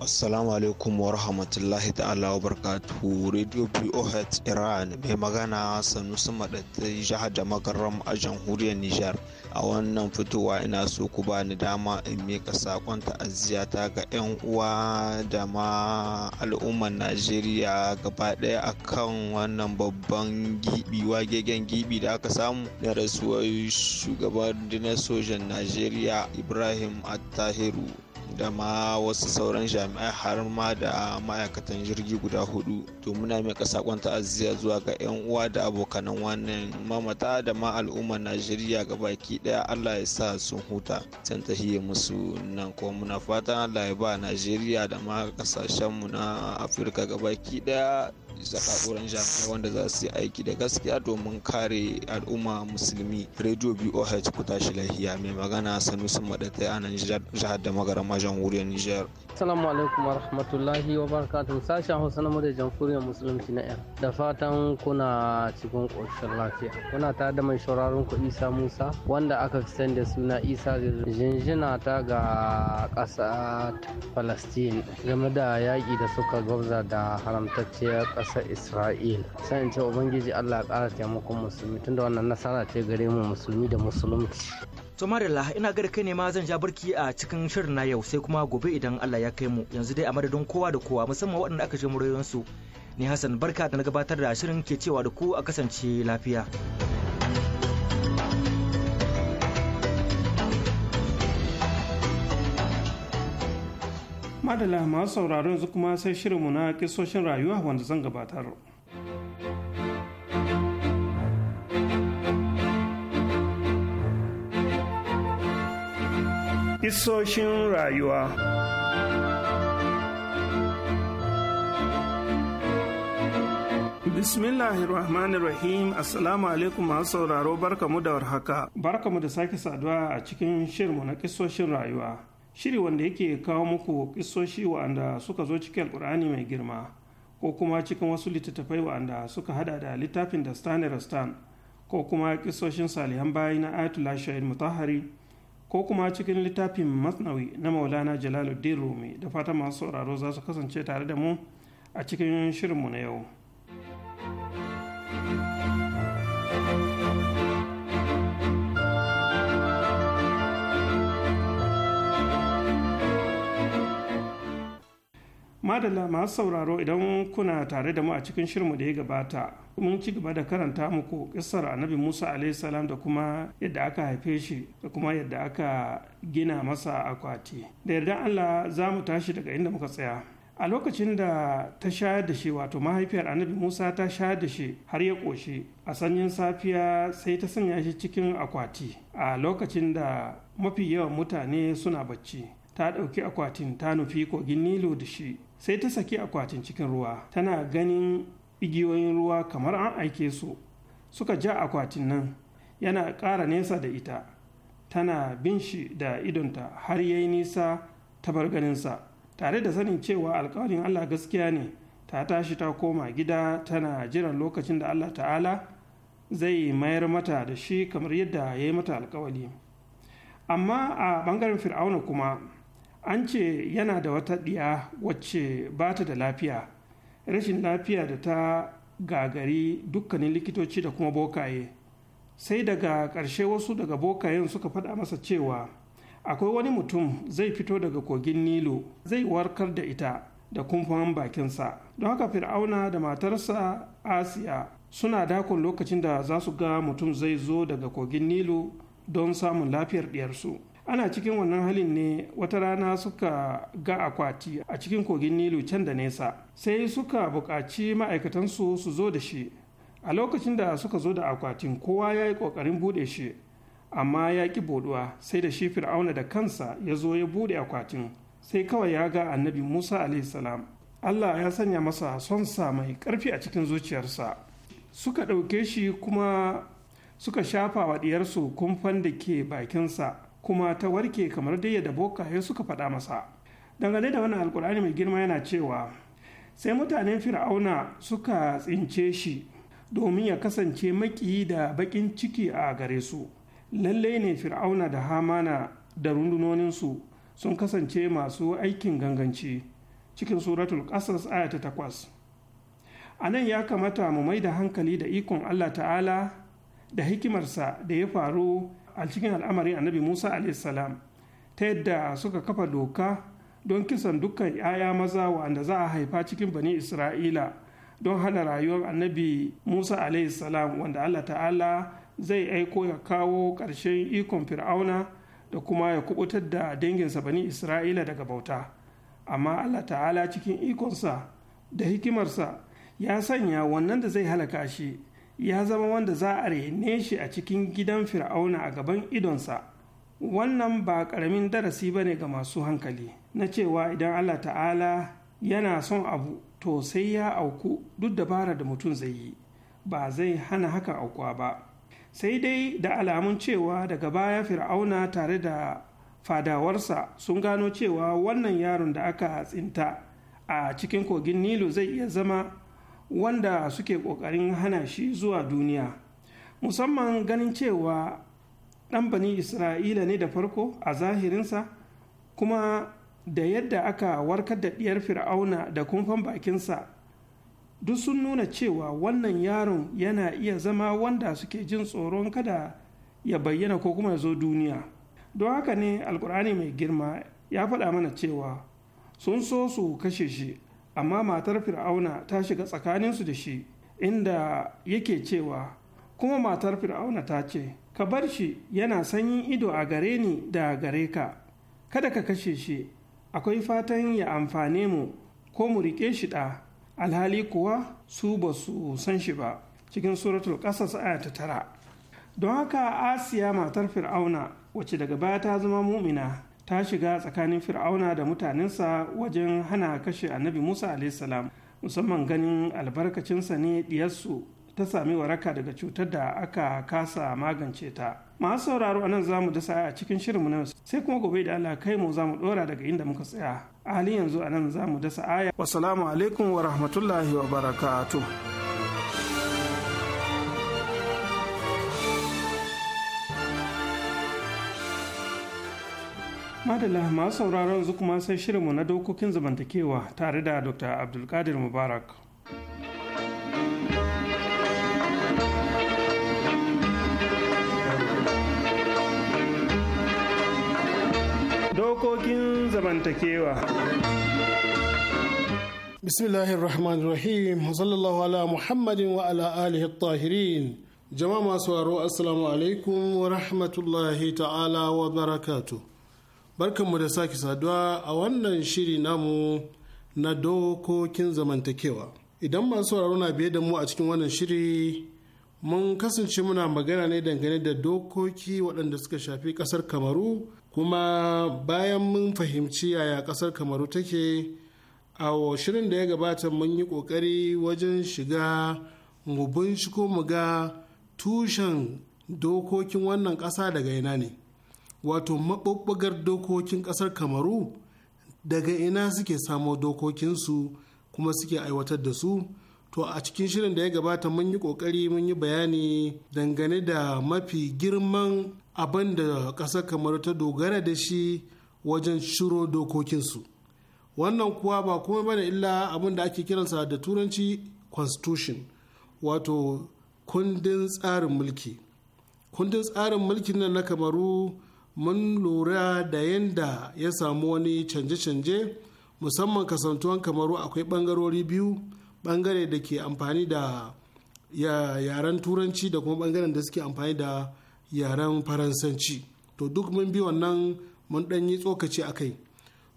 Assalamu alaikum wa rahmatullahi ta'ala wa barkatu Radio BOH Iran mai magana Sanusi Madatta jihar da a jamhuriyar Nijar. a wannan fitowa ina so ku bani dama in miƙa saƙon ta'aziyata ga 'yan uwa da ma al'ummar najeriya gaba a kan wannan babban gibi wagegen gibi da aka samu da rasuwar shugaban rundunar sojan najeriya ibrahim attahiru da ma wasu sauran jami'ai har ma da ma'aikatan jirgi guda hudu to muna kasa kwan ta'aziyya zuwa ga 'yan uwa da abokan wannan mamata da ma al'ummar najeriya baki daya allah ya sa sun huta san tahiyya musu nan kuma muna fatan allah ya ba najeriya da ma mu na afirka ga baki daya zaɓaɓɓuran jami'ai wanda za su yi aiki da gaskiya domin kare al'umma musulmi radio boh ku tashi lahiya mai magana sanusi maɗatai a nan jihar da magarama jamhuriyar nijar Assalamu alaikum warahmatullahi wabarakatuh sashen Hausa na murya jamhuriyar musulunci na yan da fatan kuna cikin ƙoshin lafiya kuna ta da mai shauraron ku Isa Musa wanda aka fi sani da suna Isa jinjina ta ga ƙasa Palestine game da yaƙi da suka gwabza da haramtacciyar ƙasar Isra'il sai in ce ubangiji Allah ya ƙara taimakon musulmi tunda wannan nasara ce gare mu musulmi da musulunci to marilla ina ga kai ne ma zan ja barki a cikin shirin na yau sai kuma gobe idan Allah ya kai mu yanzu dai a madadin kowa da kowa musamman waɗanda aka je murayoyin su ni Hassan barka da na gabatar da shirin ke cewa da ku a kasance lafiya. Madala masu sauraron yanzu kuma sai shirinmu na kisoshin rayuwa wanda zan gabatar. Isoshin rayuwa. Bismillahirrahmanirrahim Assalamu alaikum masu sauraro barkamu da warhaka. mu da sake saduwa a cikin shirmu na kisoshin rayuwa. Shiri wanda yake kawo muku kisoshi wa'anda suka zo cikin alkur'ani mai girma ko kuma cikin wasu littattafai wa'anda suka hada da littafin da Rastan, ko kuma kisoshin salihan bayi na Ayatollah Shahid Mutahari ko kuma cikin littafin masnawi na maulana jalaluddin rumi da fata masu sauraro za su kasance tare da mu a cikin shirinmu na yau madalla masu sauraro idan kuna tare da mu a cikin shirmu da ya gabata mun ci gaba da karanta muku kissar annabi musa salam da kuma yadda aka haife shi da kuma yadda aka gina masa akwati da yarda allah za mu tashi daga inda muka tsaya a lokacin da ta shayar da shi wato mahaifiyar annabi musa ta shayar da shi har ya ƙoshi a sanyin safiya sai ta sanya shi cikin akwati a lokacin da mafi yawan mutane suna bacci ta ɗauki akwatin ta nufi kogin nilo da shi sai ta saki akwatin cikin ruwa tana ganin igiyoyin ruwa kamar an aike su suka ja akwatin nan yana ƙara nesa da ita tana bin shi da idonta har ya yi nisa ta bar ganinsa tare da sanin cewa alkawarin allah gaskiya ne ta tashi ta koma gida tana jiran lokacin da allah ta'ala zai mayar mata da shi kamar yadda ya yi mata alkawali amma a bangaren fir'auna kuma an ce yana da wata ɗiya wacce ba ta da lafiya rashin lafiya da ta gagari dukkanin likitoci da kuma bokaye sai daga ƙarshe wasu daga bokayen suka faɗa masa cewa akwai wani mutum zai fito daga kogin Nilu zai warkar da ita da kumfan bakinsa don haka fir'auna da matarsa asiya suna dakon lokacin da za su ga mutum zai zo daga kogin nilu don samun lafiyar ɗiyarsu ana cikin wannan halin ne wata rana suka ga akwati a cikin kogin nilu can da nesa sai suka buƙaci ma'aikatansu su zo da shi a lokacin da suka zo da akwatin kowa ya yi ƙoƙarin buɗe shi amma ya ƙi boduwa sai da shi fir'auna da kansa ya zo ya buɗe akwatin sai kawai ya ga annabi musa salam allah ya sanya masa son sa mai ƙarfi a cikin zuciyarsa suka ɗauke shi kuma suka shafa wa ɗiyarsu kumfan da ke bakinsa kuma ta warke kamar dai yadda ya suka faɗa masa dangane da wannan alkur'ani mai girma yana cewa sai mutanen fir'auna suka tsince shi domin ya kasance maƙiyi da baƙin ciki a gare su lallai ne fir'auna da hamana da rundunoninsu sun kasance masu aikin ganganci cikin suratul ƙasas aya takwas a nan ya kamata mu mai da hankali da ikon allah ta'ala da hikimarsa da ya faru a cikin al'amarin annabi musa salam ta yadda suka kafa doka don kisan dukkan 'ya'ya maza wanda za a haifa cikin bani isra'ila don hana rayuwar annabi musa salam wanda allah ta'ala zai aiko ya kawo ƙarshen ikon fir'auna da kuma ya kubutar da danginsa bani isra'ila daga bauta amma allah ta'ala cikin ikonsa da hikimarsa ya sanya wannan da zai halaka shi ya zama wanda za a rene shi a cikin gidan fir'auna a gaban idonsa wannan ba ƙaramin darasi ba ne ga masu hankali na cewa idan allah ta'ala yana son abu to sai ya auku duk dabara da mutum zai yi ba zai hana hakan aukuwa ba sai dai da alamun cewa daga baya fir'auna tare da fadawarsa sun gano cewa wannan yaron da aka tsinta a cikin kogin nilu zai iya zama wanda suke ƙoƙarin hana shi zuwa duniya musamman ganin cewa ɗan bani isra'ila ne da farko a zahirinsa kuma da yadda aka warkar da ɗiyar fir'auna da kumfan bakinsa duk sun nuna cewa wannan yaron yana iya zama wanda suke jin tsoron kada ya bayyana ko kuma ya zo duniya don haka ne alkur'ani mai girma ya faɗa mana cewa sun so su kashe shi amma matar fir'auna ta shiga tsakaninsu da shi inda yake cewa kuma matar fir'auna ta ce ka bar shi yana sanyin ido a gare ni da gare ka kada ka kashe shi akwai fatan ya amfane mu ko mu riƙe shi ɗa alhali kuwa su ba su san shi ba cikin suratul ƙasas aya ta tara don haka asiya matar fir'auna wacce daga baya ta zama mumina ta shiga tsakanin fir'auna da mutanensa wajen hana kashe annabi musa salam musamman ganin albarkacinsa ne diyarsu ta sami waraka daga cutar da aka kasa magance ta masu sauraro a nan zamu dasa a cikin shirinmu na sai kuma gobe da Allah kai mu zamu dora daga inda muka tsaya a halin yanzu a nan zamu dasa aya wasalamu alaikum wa rahmatullahi wa barakatuh madalla masu sauraron yanzu kuma sai shirinmu na dokokin zamantakewa tare da dr abdulkadir mubarak dokokin zamantakewa bismillahir rahim sallallahu ala muhammadin wa ala alihi tahirin jama'a masu waro assalamu alaikum wa rahmatullahi ta'ala wa barakatuh barkanmu da sake saduwa a wannan shiri namu na dokokin zamantakewa idan masu sauraro na biye da mu a cikin wannan shiri mun kasance muna magana ne dangane da dokoki waɗanda suka shafi ƙasar kamaru kuma bayan mun fahimci yaya ƙasar kamaru take a shirin da ya gabata mun yi ƙoƙari wajen shiga mu binciko mu ga tushen dokokin wannan ƙasa daga ina ne wato maɓaɓɓagar dokokin ƙasar kamaru daga ina suke samo dokokinsu kuma suke aiwatar da su to a cikin shirin da ya gabata mun yi ƙoƙari mun yi bayani dangane da mafi girman abin da ƙasar kamaru ta dogara da shi wajen shiro dokokinsu wannan kuwa ba kuma bane illa abin da ake kiransa da turanci constitution wato kundin tsarin mulki kundin tsarin mulkin nan na kamaru mun lura da yadda ya samu wani canje-canje musamman kasantuwan kamaru akwai bangarori biyu bangare da ke amfani da yaren turanci da kuma bangaren da suke amfani da yaren faransanci to duk mun bi wannan mun dan yi tsokaci a kai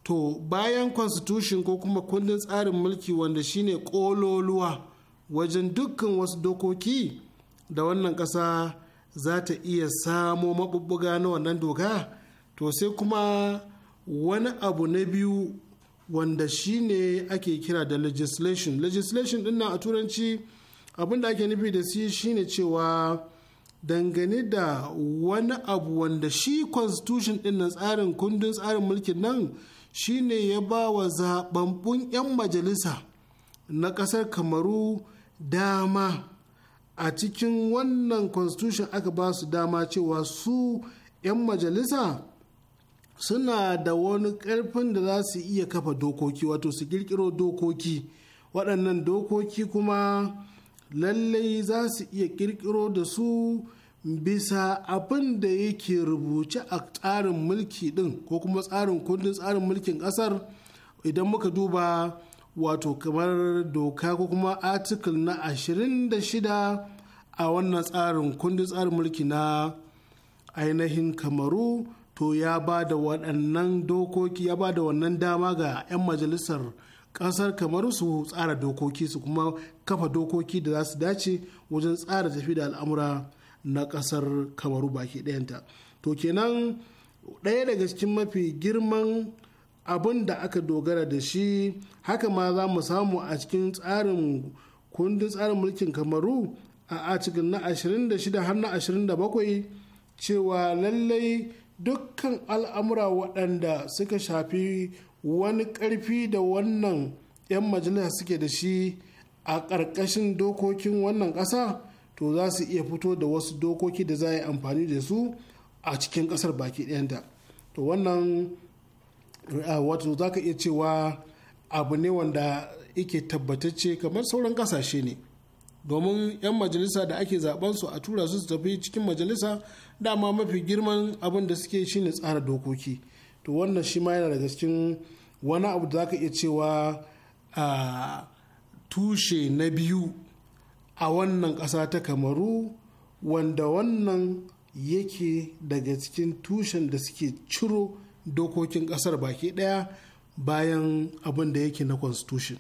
to bayan constitution ko kuma kundin tsarin mulki wanda shine kololuwa wajen dukkan wasu dokoki da wannan kasa. za ta iya samo maɓuɓɓuga na wannan doka to sai kuma wani abu na biyu wanda shi ne ake kira da legislation legislation din nan a turanci abinda ake nufi da shi shine cewa dangane da wani abu wanda shi constitution din nan tsarin kundin tsarin mulkin nan shine ya ba wa zaɓaɓɓun 'yan majalisa na ƙasar kamaru dama a cikin wannan constitution aka ba su dama cewa su 'yan majalisa suna da wani karfin da za su iya kafa dokoki wato su kirkiro dokoki waɗannan dokoki kuma lallai za su iya kirkiro da su bisa abin da yake rubuce a tsarin mulki ɗin ko kuma tsarin kundin tsarin mulkin ƙasar idan muka duba wato kamar doka ko kuma article na 26 a wannan tsarin kundin tsarin mulki na ainihin kamaru to ya ba da waɗannan dokoki ya ba da wannan dama ga 'yan majalisar ƙasar kamaru su tsara dokoki su kuma kafa dokoki da za su dace wajen tsara tafi da al'amura na ƙasar kamaru baki ɗayanta to kenan ɗaya daga cikin mafi girman abin da aka dogara da shi haka ma za mu samu a cikin tsarin kundin tsarin mulkin kamaru a cikin na 26 har na 27 cewa lallai dukkan al'amura waɗanda suka shafi wani ƙarfi da wannan 'yan majalisa suke da shi a ƙarƙashin dokokin wannan ƙasa to za su iya fito da wasu dokoki da za a yi amfani da su a cikin ƙasar baki ɗayanta to wannan Ah, wato za ka iya cewa abu ne wanda yake tabbatacce kamar sauran kasashe ne domin 'yan majalisa da ake su a tura su su tafi cikin majalisa dama mafi girman abin da suke shine tsara dokoki to wannan shi ma yana daga cikin wani abu da zaka iya cewa a ah, tushe na biyu a wannan ƙasa ta kamaru wanda wannan yake daga cikin tushen da suke ciro dokokin kasar baki daya bayan abin da yake na constitution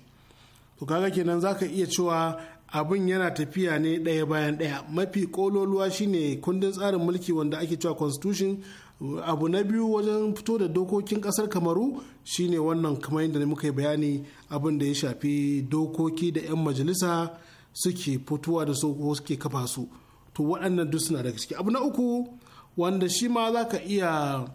to kaga kenan zaka iya cewa abin yana tafiya ne daya bayan daya. mafi kololuwa shine kundin tsarin mulki wanda ake cewa constitution abu na biyu wajen fito da dokokin kasar kamaru shine wannan kamar yadda muka yi bayani abin da ya shafi dokoki da 'yan majalisa suke fitowa da su ko suke kafa su to waɗannan duk suna daga ciki abu na uku wanda shi ma za ka iya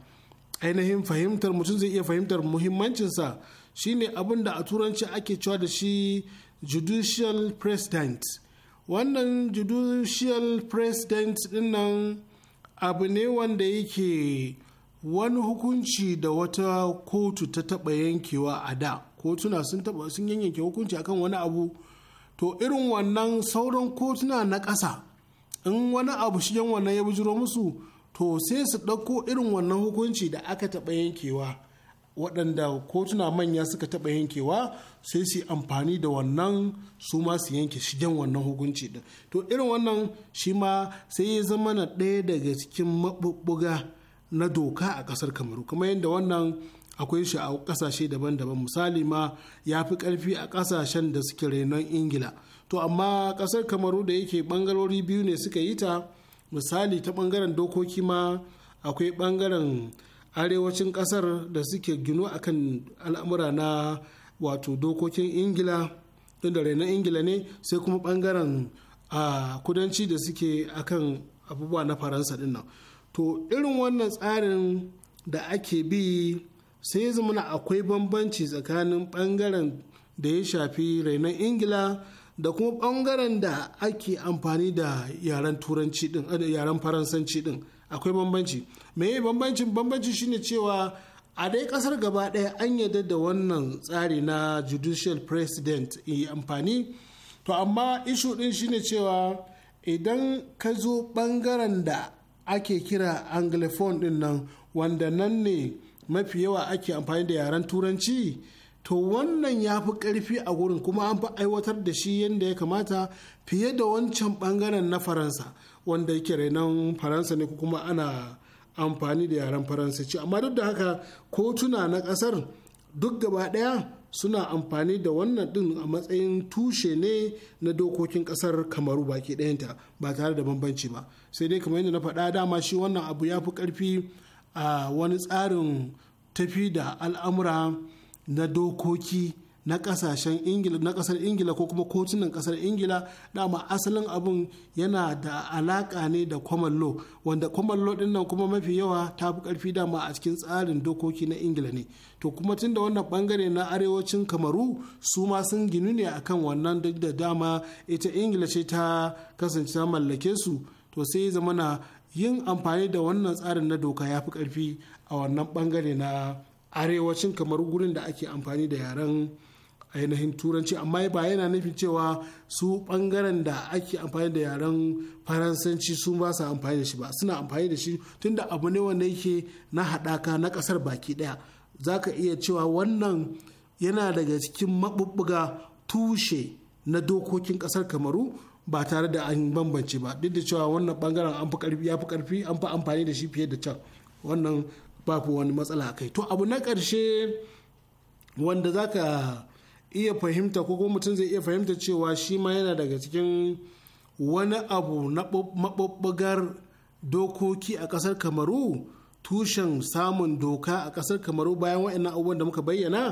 ainihin fahimtar mutum zai iya fahimtar muhimmancinsa shine abin da a turanci ake cewa da shi judicial president wannan judicial president dinnan abu ne wanda yake wani hukunci da wata kotu ta taba yankewa a da kotuna sun taba sun yanke hukunci akan wani abu to irin wannan sauran kotuna na ƙasa in wani abu shigen wannan ya bujiro musu to sai su ɗauko irin wannan hukunci da aka taɓa yankewa waɗanda kotuna manya suka taɓa yankewa sai su yi amfani da wannan su ma su yanke shigen wannan hukunci ɗin to irin wannan shi ma sai ya zama na ɗaya daga cikin maɓuɓɓuga na doka a ƙasar kamaru kuma yadda wannan akwai shi a ƙasashe daban-daban misali ma ya fi ƙarfi a ƙasashen da suke renon ingila to amma ƙasar kamaru da yake ɓangarori biyu ne suka yi ta misali ta bangaren dokoki ma akwai bangaren arewacin kasar da suke gino akan al'amura na wato dokokin ingila inda rainon ingila ne sai kuma bangaren a kudanci da suke akan abubuwa na faransa din to irin wannan tsarin da ake bi sai zamana akwai bambanci tsakanin bangaren da ya shafi rainon ingila da kuma bangaren da ake amfani da yaren turanci din eh, yaren faransanci din akwai bambanci me bambancin bambanci shine cewa a dai kasar gaba daya an yarda da wannan tsari na judicial president yi amfani to amma ishu din shine cewa idan ka zo bangaren da ake kira anglophone din nan wanda nan ne mafi yawa ake amfani da yaren turanci to wannan ya fi ƙarfi a gurin kuma an fi aiwatar da shi yadda ya kamata fiye da wancan ɓangaren na faransa wanda yake renon faransa ne kuma ana amfani da yaren Faransa faransanci amma duk da haka kotuna na ƙasar duk gaba ɗaya suna amfani da wannan ɗin a matsayin tushe ne na dokokin ƙasar kamaru baki ɗayanta ba tare da bambanci ba sai dai kamar yadda na faɗa dama shi wannan abu ya fi ƙarfi a wani tsarin tafi da al'amura na dokoki na kasashen ingila na kasar ingila ko kuma kotunan kasar ingila dama asalin abun yana da alaka ne da common law wanda common law din kuma mafi yawa ta fi karfi dama a cikin tsarin dokoki na ingila ne to kuma tun da wannan bangare na arewacin kamaru su ma sun ginu ne akan wannan duk da dama ita ingila ce ta kasance ta mallake su to sai zamana yin amfani da wannan tsarin na doka ya fi karfi a wannan bangare na arewacin kamar gurin da ake amfani da yaren ainihin turanci amma ba yana nufin cewa su bangaren da ake amfani da yaren faransanci sun ba su amfani da shi ba suna amfani da shi tunda abu ne wanda yake na haɗaka na ƙasar baki ɗaya za ka iya cewa wannan yana daga cikin maɓuɓɓuga tushe na dokokin ƙasar kamaru ba tare da an bambance ba duk da cewa wannan bangaren an fi an fi amfani da shi fiye da can wannan babu wani matsala kai to abu na ƙarshe wanda za ka iya fahimta ko kuma mutum zai iya fahimta cewa shi ma yana daga cikin wani abu na maɓaɓɓagar dokoki a ƙasar kamaru tushen samun doka a ƙasar kamaru bayan waɗannan abubuwan da muka bayyana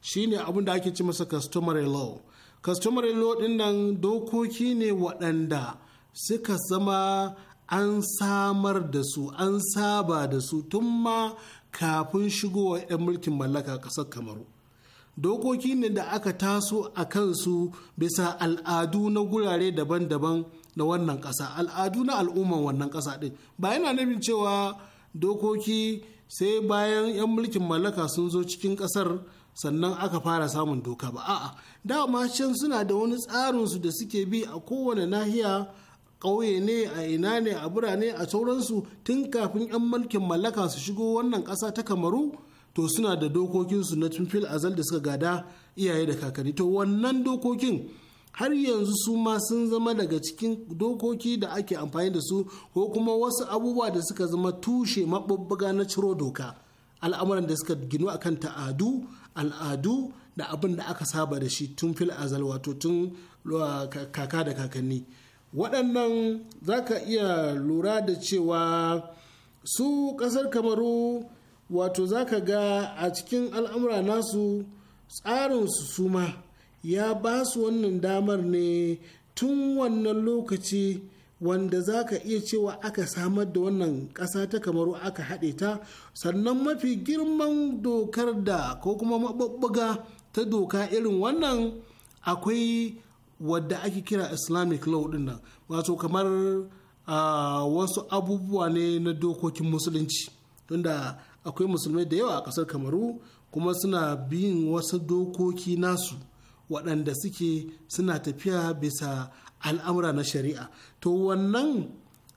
shine abin da ake ci masa customary law customary law ɗin dokoki ne waɗanda suka zama an samar da su an saba da su tun ma kafin shigowa 'yan mulkin mallaka ƙasar kamaru dokoki ne da aka taso a kansu bisa al'adu na gurare daban-daban na wannan ƙasa al'adu na al'umman wannan ƙasa ɗin ba yana nufin cewa dokoki sai bayan 'yan mulkin mallaka sun zo cikin ƙasar sannan aka fara samun doka ba a'a dama can suna da wani tsarinsu da suke bi a kowane nahiya ƙauye ne a ina ne a birane a sauransu tun kafin 'yan mulkin mallaka su shigo wannan ƙasa ta kamaru to suna da dokokinsu na fil azal da suka gada iyaye da kakanni to wannan dokokin har yanzu su ma sun zama daga cikin dokoki da ake amfani da su ko kuma wasu abubuwa da suka zama tushe maɓuɓɓuga na ciro doka al'amuran da suka ginu kan ta'adu al'adu da abin da aka saba da shi tun fil azal wato tun uh, kaka da kakanni waɗannan za ka iya lura da cewa su ƙasar kamaru wato za ka ga a cikin al'amura nasu tsarinsu su suma ya ba su wannan damar ne tun wannan lokaci wanda za ka iya cewa aka samar da wannan ƙasa ta kamaru aka haɗe ta sannan mafi girman dokar da ko kuma maɓuɓɓuga ta doka irin wannan akwai wadda ake kira islamic law din nan wato kamar wasu abubuwa ne na dokokin musulunci tunda akwai musulmai da yawa a kasar kamaru kuma suna biyin wasu dokoki nasu waɗanda suke suna tafiya bisa al'amura na shari'a to wannan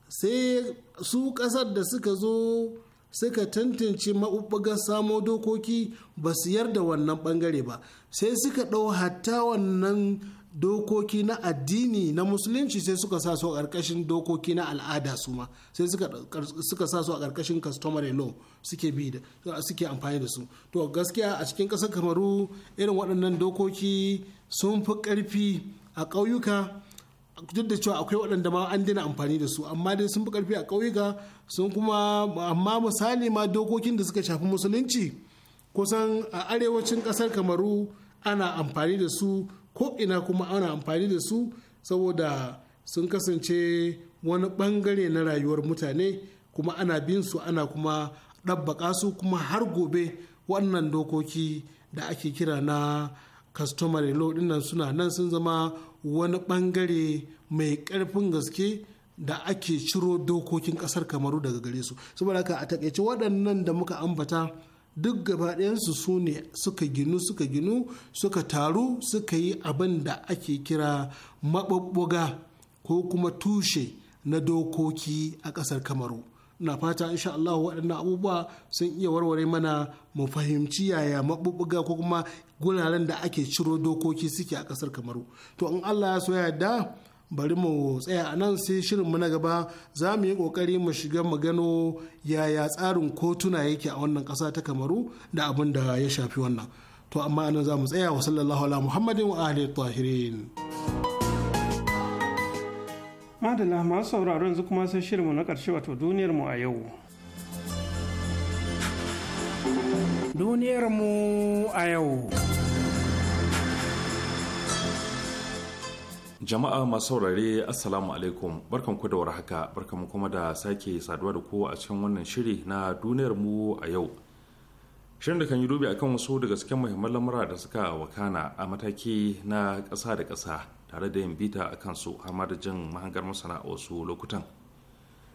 sai su ƙasar da suka zo suka tantance maɓuɓɓugar samo dokoki ba su yarda wannan ɓangare ba sai suka ɗau hatta wannan dokoki na addini na musulunci sai suka sa su a ƙarƙashin dokoki na al'ada su ma sai suka sa su a ƙarƙashin customary law suke bi da suke amfani da su to gaskiya a cikin ƙasar kamaru irin waɗannan dokoki sun fi ƙarfi a ƙauyuka duk da cewa akwai waɗanda ma an dina amfani da su amma dai sun fi ƙarfi a ƙauyuka sun kuma amma misali ma dokokin da suka shafi musulunci kusan a arewacin ƙasar kamaru ana amfani da su ko ina kuma ana amfani da su saboda sun kasance wani bangare na rayuwar mutane kuma ana bin su ana kuma ɗabbaƙa su kuma har gobe wannan dokoki da ake kira na customary law dinnan suna nan sun zama wani bangare mai ƙarfin gaske da ake ciro dokokin ƙasar kamaru daga gare su saboda haka a takaice waɗannan da muka ambata duk gabaɗayansu su ne suka ginu suka ginu suka taru suka yi abin da ake kira maɓaɓɓuga ko kuma tushe na dokoki a ƙasar kamaru na fata insha Allah waɗannan abubuwa sun iya warware mana mu fahimci yaya maɓuɓɓuga ko kuma guraren da ake ciro dokoki suke a ƙasar kamaru to in Allah ya so yarda bari mu tsaya a nan sai shirinmu na gaba za mu yi kokari mu shiga magano yaya tsarin kotuna yake a wannan ƙasa ta kamaru da abin da ya shafi wannan to amma nan za mu tsaya wa sallallahu ala muhammadin wa ahli tahirin madalla masu sauraro yanzu kuma sai shirinmu na ƙarshe wato duniyar mu a yau duniyar mu a yau jama'a masu saurare assalamu alaikum barkan ku da warhaka barkan mu kuma da sake saduwa da ku a cikin wannan shiri na duniyar mu a yau shirin da kan yi dubi akan wasu daga cikin muhimman lamura da suka wakana a mataki na ƙasa da ƙasa tare da yin bita a kansu har ma da jin mahangar masana a wasu lokutan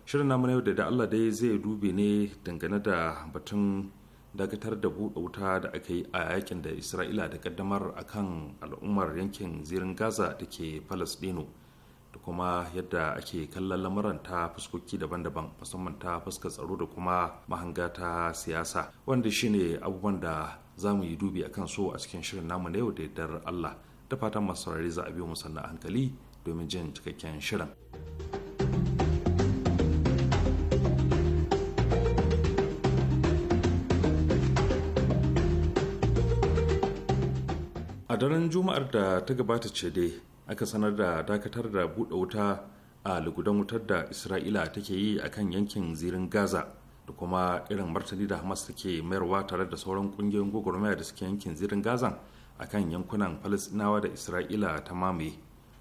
shirin namu na yau da da Allah dai zai dubi ne dangane da batun dakatar da buɗe wuta da aka yi a yakin da isra'ila ƙaddamar kaddamar kan al'ummar yankin zirin gaza da ke palestino da kuma yadda ake kallon lamuran ta fuskoki daban-daban musamman ta fuskar tsaro da kuma mahanga ta siyasa wanda shine abubuwan da za mu yi dubi a kan so a cikin shirin namu na yau da yardar allah da fatan masu za a biyo musanna hankali domin jin cikakken shirin. juma'ar da ta gabata ce dai aka sanar da dakatar da buɗe wuta a lugudan wutar da isra'ila take yi a kan yankin zirin gaza da kuma irin martani da hamas take mayarwa tare da sauran ƙungiyoyin gwagwarmaya da suke yankin zirin gaza a kan yankunan falasinawa da isra'ila ta mamaye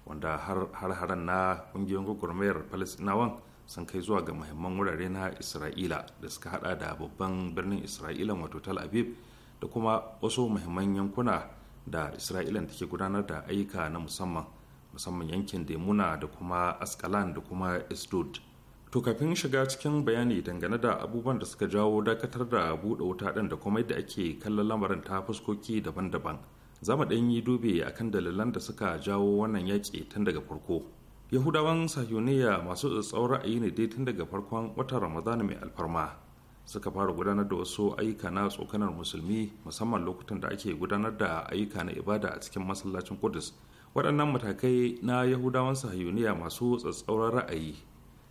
wanda har haren na ƙungiyoyin gwagwarmayar falasinawan sun kai zuwa ga muhimman wurare na isra'ila da suka hada da babban birnin isra'ila wato tal aviv da kuma wasu muhimman yankuna da isra'ilan take gudanar da ayyuka na musamman musamman yankin demuna da kuma askalan da kuma isdod to kafin shiga cikin bayani dangane da abubuwan da suka jawo dakatar da buɗe wuta ɗin da kuma yadda ake kallon lamarin ta fuskoki daban-daban za mu ɗan yi dube akan dalilan da suka jawo wannan yaƙi tun daga farko yahudawan sahiyoniya masu tsatsauran ra'ayi ne dai tun daga farkon watan ramadana mai alfarma suka fara gudanar da wasu ayyuka na tsokanar musulmi musamman lokutan da ake gudanar da ayyuka na ibada a cikin masallacin kudus waɗannan matakai na yahudawan sahiyuniya masu tsatsauran ra'ayi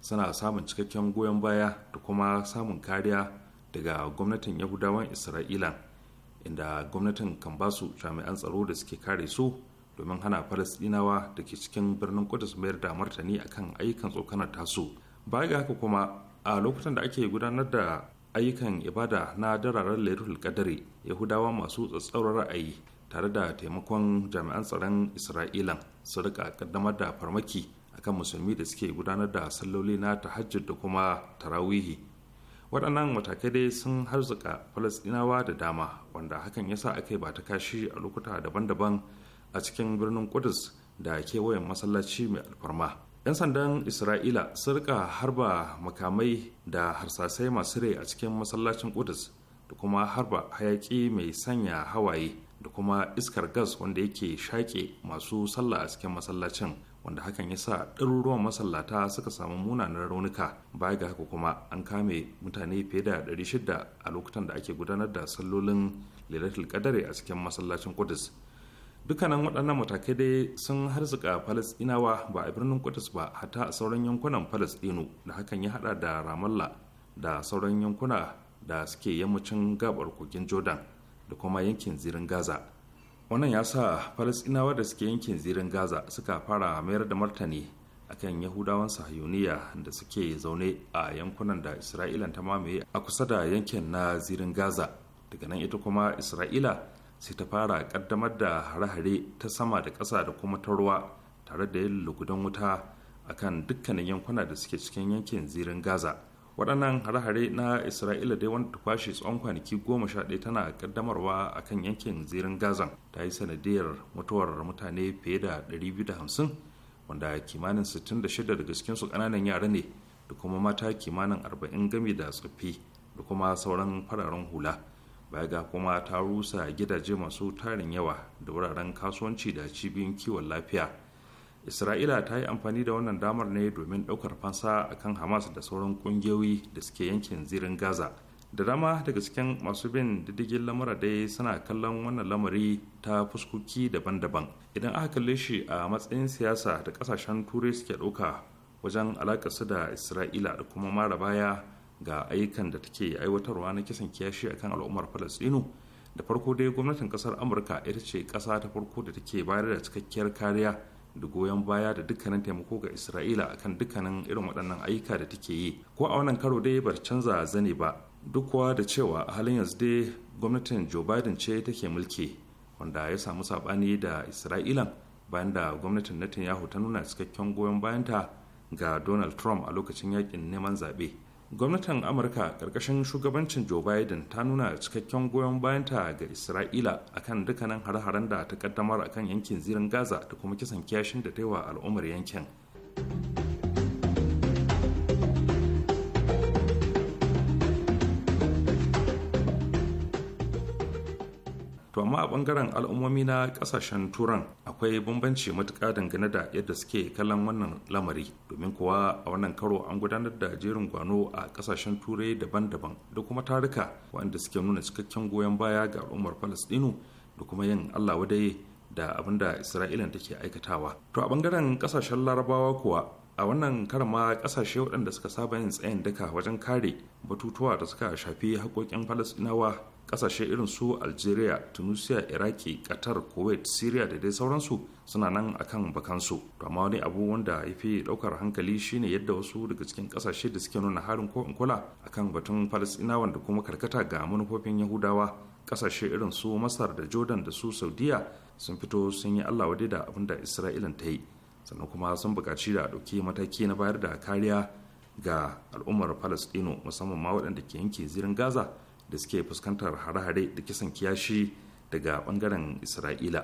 suna samun cikakken goyon baya da kuma samun kariya daga gwamnatin yahudawan isra'ila inda gwamnatin kan ba su jami'an tsaro da suke kare su domin hana falasɗinawa da ke cikin birnin kudus mayar da martani akan ayyukan tsokanar tasu baya ga haka kuma a lokutan da ake gudanar da ayyukan ibada na dararen lairul kadare yahudawa masu tsatsauran ra'ayi tare da taimakon jami'an tsaron isra'ilan su rika kaddamar da farmaki akan musulmi da suke gudanar da salloli na tahajjud da kuma tarawihi waɗannan matakai dai sun harzuka falasdinawa da dama wanda hakan yasa aka yi ba ta kashi a lokuta daban-daban a cikin birnin kudus da kewayen masallaci mai alfarma 'yan sandan isra'ila sun rika harba makamai da harsasai masu rai a cikin masallacin kudus da kuma harba hayaki mai sanya hawaye da kuma iskar gas wanda yake shaƙe masu sallah a cikin masallacin wanda hakan ya sa ɗaruruwan masallata suka samu munanan raunuka baya ga haka kuma an kame mutane fiye da 600 a lokutan da ake gudanar da sallolin lailatul kadare a cikin masallacin kudus dukkanin waɗannan matakai dai sun harzuka falasɗinawa ba a birnin kudus ba hatta a sauran yankunan falasɗinu da hakan ya hada da ramallah da sauran yankuna da suke yammacin gabar kogin jordan da kuma yankin zirin gaza wannan ya sa falasɗinawa da suke yankin zirin gaza suka fara mayar da martani a kan yahudawan sahiyuniya da suke zaune a yankunan da isra'ila ta mamaye a kusa da yankin na zirin gaza daga nan ita kuma isra'ila sai ta fara kaddamar da hare ta sama da ƙasa da kuma ta ruwa tare da yin lugudan wuta akan dukkanin yankuna da suke cikin yankin zirin gaza waɗannan harahare na isra'ila dai wanda ta kwashe tsawon kwanaki goma sha ɗaya tana kaddamarwa a kan yankin zirin gazan ta yi sanadiyar mutuwar mutane fiye da ɗari biyu 250 wanda kimanin sittin da shida daga cikinsu ƙananan yara ne da kuma mata kimanin arba'in gami da tsoffi da kuma sauran fararen hula baya ga kuma ta rusa gidaje masu tarin yawa da wuraren kasuwanci da cibiyoyin kiwon lafiya isra'ila ta yi amfani da wannan damar ne domin ɗaukar fansa akan hamas da sauran ƙungiyoyi da suke yankin zirin gaza da dama daga cikin masu bin diddigin lamura dai suna kallon wannan lamari ta fuskoki daban-daban idan aka kalle shi a matsayin siyasa da ƙasashen turai suke ɗauka wajen alakarsu da isra'ila da kuma mara baya ga aikan da take aiwatarwa na kisan kiyashi akan al'ummar falastinu da farko dai gwamnatin kasar amurka ita ce kasa ta farko da take bayar da cikakkiyar kariya da goyon baya da dukkanin taimako ga isra'ila akan dukkanin irin waɗannan ayyuka da take yi ko a wannan karo dai bar canza zane ba duk kuwa da cewa a halin yanzu dai gwamnatin joe biden ce take mulki wanda ya samu saɓani da isra'ilan bayan da gwamnatin netanyahu ta nuna cikakken goyon bayanta ga donald trump a lokacin yakin neman zaɓe gwamnatin amurka karkashin shugabancin joe biden ta nuna cikakken goyon bayanta ga isra'ila akan dukkanin har haren da ta kaddamar akan yankin zirin gaza da kuma kisan kiyashin da ta yi wa al'ummar yankin amma a bangaren al'ummomi na kasashen turan akwai bambanci matuƙa dangane da yadda suke kallon wannan lamari domin kuwa a wannan karo an gudanar da jerin gwano a kasashen turai daban-daban da kuma taruka waɗanda suke nuna cikakken goyon baya ga al'ummar falastinu da kuma yin allah wadai da abin da isra'ilan take aikatawa to a bangaren kasashen larabawa kuwa a wannan karama kasashe waɗanda suka saba yin tsayin daka wajen kare batutuwa da suka shafi haƙoƙin falasɗinawa kasashe irin su algeria tunisia iraki qatar kuwait syria da dai sauransu suna nan akan bakansu to amma wani abu wanda ya fi daukar hankali shine yadda wasu daga cikin kasashe da suke nuna harin ko kula akan batun falasɗinawan da kuma karkata ga manufofin yahudawa kasashe irin su masar da jordan da su saudiya sun fito sun yi allah wade da abin da isra'ilan ta yi sannan kuma sun buƙaci da ɗauki mataki na bayar da kariya ga al'ummar falasɗinu musamman ma waɗanda ke yanke zirin gaza da suke fuskantar hare-hare da kisan kiyashi daga bangaren isra'ila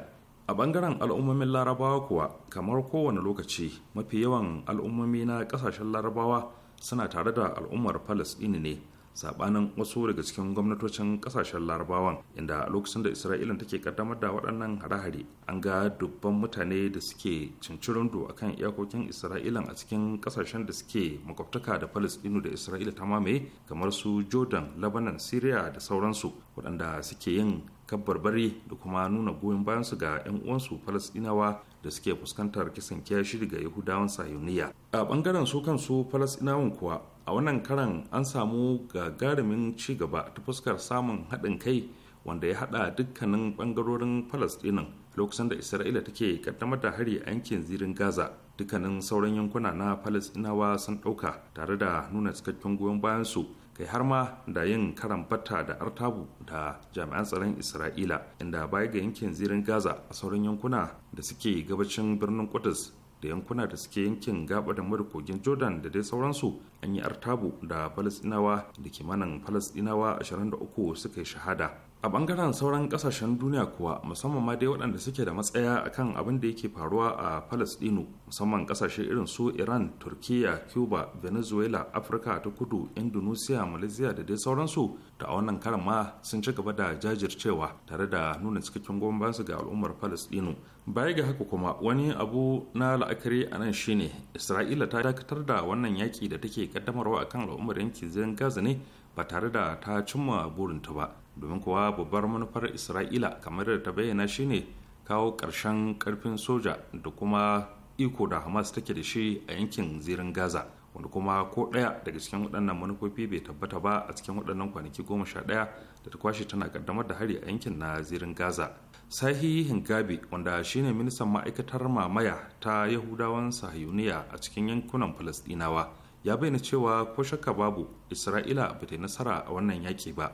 a bangaren al'ummomin larabawa kuwa kamar kowane lokaci mafi yawan al'ummomi na kasashen larabawa suna tare da al'ummar palestine ne sabanin wasu daga cikin gwamnatocin kasashen larabawan inda lokacin da isra'ila take kaddamar da waɗannan hare-hare an ga dubban mutane da suke cincirindo a kan iyakokin isra'ilan a cikin kasashen da suke makwabtaka da palestinu da isra'ila ta mamaye kamar su jordan lebanon syria da sauransu waɗanda suke yin kabbarbari da kuma nuna goyon bayansu ga 'yan uwansu falasɗinawa da suke fuskantar kisan kiyashi daga yahudawan sayuniya a bangaren su kansu falasɗinawan kuwa a wannan karan an samu gagarumin ci gaba ta fuskar samun haɗin kai wanda ya haɗa dukkanin ɓangarorin falasɗinin lokacin da isra'ila take kaddamar da hari a yankin zirin gaza dukkanin sauran yankuna na falastinawa sun ɗauka tare da nuna cikakken goyon bayan su kai har ma da yin karan fata da artabu da jami'an tsaron isra'ila inda baya ga yankin zirin gaza a sauran yankuna da suke gabacin birnin kudus da yankuna da suke yankin gaba da mara kogin jordan da dai sauransu an yi artabu da falasdinawa da kimanin falasdinawa 23 suka yi shahada a bangaren sauran kasashen duniya kuwa musamman ma dai waɗanda suke da matsaya kan abin da yake faruwa a palestino musamman kasashe irin su iran turkiya cuba venezuela afirka ta kudu indonesia malaysia da dai sauransu da a wannan karan ma sun ci gaba da jajircewa tare da nuna cikakken goma ga al'ummar palestino baya ga haka kuma wani abu na la'akari a nan shine isra'ila ta dakatar da wannan yaƙi da take kaddamarwa akan al'ummar yankin gaza ne ba tare da ta cimma burinta ba domin kuwa babbar manufar isra'ila kamar da ta bayyana shine kawo ƙarshen ƙarfin soja da kuma iko da hamas take da shi a yankin zirin gaza wanda kuma ko ɗaya daga cikin waɗannan manufofi bai tabbata ba a cikin waɗannan kwanaki goma sha ɗaya da ta kwashe tana ƙaddamar da hari a yankin na zirin gaza sahi hingabi wanda shine ministan ma'aikatar mamaya ta yahudawan sahiyuniya a cikin yankunan falastinawa ya bayyana cewa ko shakka babu isra'ila bata yi nasara a wannan yaki ba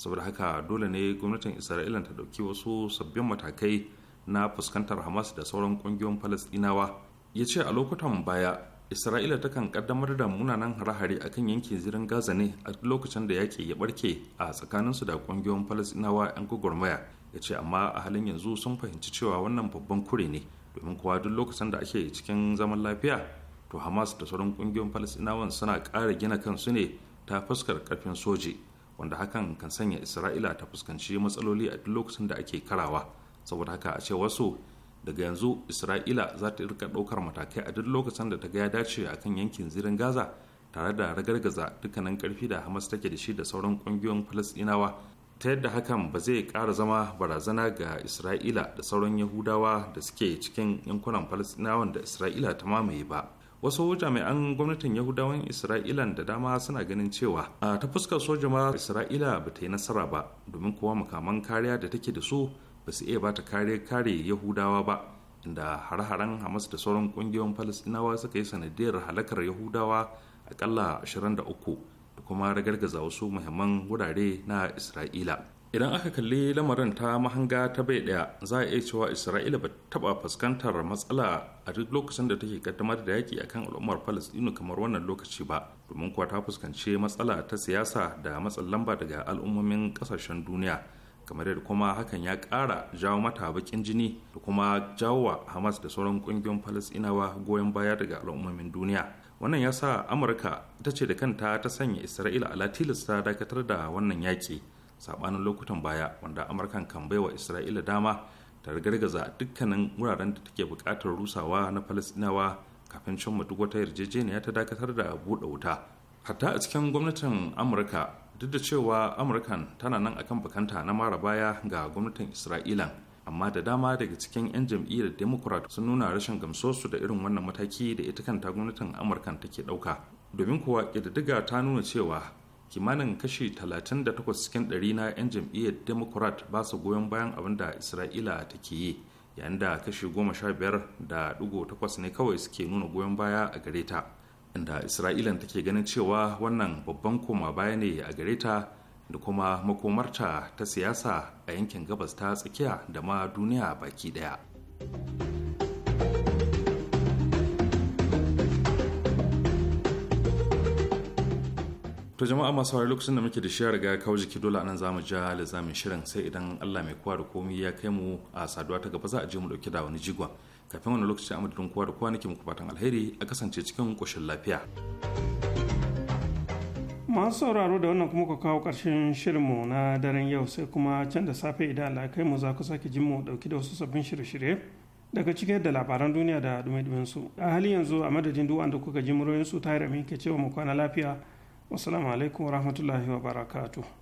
saboda haka dole ne gwamnatin isra'ila ta dauki wasu sabbin matakai na fuskantar hamas da sauran kungiyoyin falasɗinawa ya ce a lokutan baya isra'ila ta kan kaddamar da munanan hare-hare a kan yankin zirin gaza ne a lokacin da yaƙi ya barke a tsakaninsu da ƙungiyoyin falastinawa 'yan gwagwarmaya ya ce amma a halin yanzu sun fahimci cewa wannan babban kure ne domin kuwa duk lokacin da ake cikin zaman lafiya to hamas da sauran kungiyoyin falastinawan suna kara gina kansu ne ta fuskar karfin soji wanda hakan kan sanya isra'ila ta fuskanci matsaloli a duk lokacin da ake karawa saboda haka a ce wasu daga yanzu isra'ila za ta rika ɗaukar matakai a duk lokacin da ta ga ya dace a kan yankin zirin gaza tare da ragargaza dukkanin karfi da hamas take da shi da sauran ƙungiyoyin falasɗinawa ta yadda hakan ba zai ƙara zama barazana ga isra'ila da sauran yahudawa da suke cikin yankunan falasɗinawan da isra'ila ta mamaye ba wasu jami'an gwamnatin yahudawan isra'ila da dama suna ganin cewa a ta fuskar soja ma isra'ila ba ta yi nasara ba domin kuwa makaman kariya da take da su ba su iya ba ta kare kare yahudawa ba inda hare-haren hamas da sauran kungiyoyin falastinawa suka yi sanadiyar halakar yahudawa akalla 23 da kuma ragargaza wasu muhimman wurare na isra'ila idan aka kalli lamarin ta mahanga ta bai daya za a iya cewa isra'ila ba taba fuskantar matsala a duk lokacin da take kaddamar da yaki akan al'ummar palestinu kamar wannan lokaci ba domin kuwa ta fuskanci matsala ta siyasa da matsin lamba daga al'ummomin kasashen duniya kamar yadda kuma hakan ya kara jawo mata bakin jini da kuma jawo wa hamas da sauran kungiyoyin palestinawa goyon baya daga al'ummomin duniya wannan ya sa amurka ita ce da kanta ta sanya isra'ila ala tilasta dakatar da wannan yaki sabanin lokutan baya wanda amurkan kan baiwa isra'ila dama ta gargaza dukkanin wuraren da take bukatar rusawa na falasinawa kafin cimma duk wata yarjejeniya ta dakatar da buɗe wuta hatta a cikin gwamnatin amurka duk da cewa amurkan tana nan akan bakanta na mara baya ga gwamnatin isra'ila amma da dama daga cikin 'yan jam'iyyar democrat sun nuna rashin gamsuwarsu da irin wannan mataki da ita kanta gwamnatin amurkan take ɗauka domin kuwa ƙididdiga ta nuna cewa kimanin kashi 38 cikin ɗari na 'yan jam'iyyar democrat ba su goyon bayan abin da isra'ila take yi yayin da kashi da 15.8 ne kawai suke nuna goyon baya a gare ta inda isra'ilan take ganin cewa wannan babban koma baya ne a gare ta da kuma makomarta ta siyasa a yankin gabas ta tsakiya da ma duniya baki daya. to jama'a masu wari lokacin da muke da shi riga kawo jiki dole anan zamu ja lizamin shirin sai idan Allah mai kowa da komai ya kai mu a saduwa ta gaba za a je mu dauki da wani jigon kafin wani lokaci a madadin kowa da kowa nake muku fatan alheri a kasance cikin koshin lafiya masu sauraro da wannan kuma ka kawo ƙarshen shirinmu na daren yau sai kuma can da safe idan Allah kai mu za ku sake jin mu dauki da wasu sabbin shirye-shirye daga cike da labaran duniya da dumi su a halin yanzu a madadin duwanda wanda kuka ji muryoyin su yi min ke cewa mu kwana lafiya wasu alaikum wa rahmatullahi wa barakatuh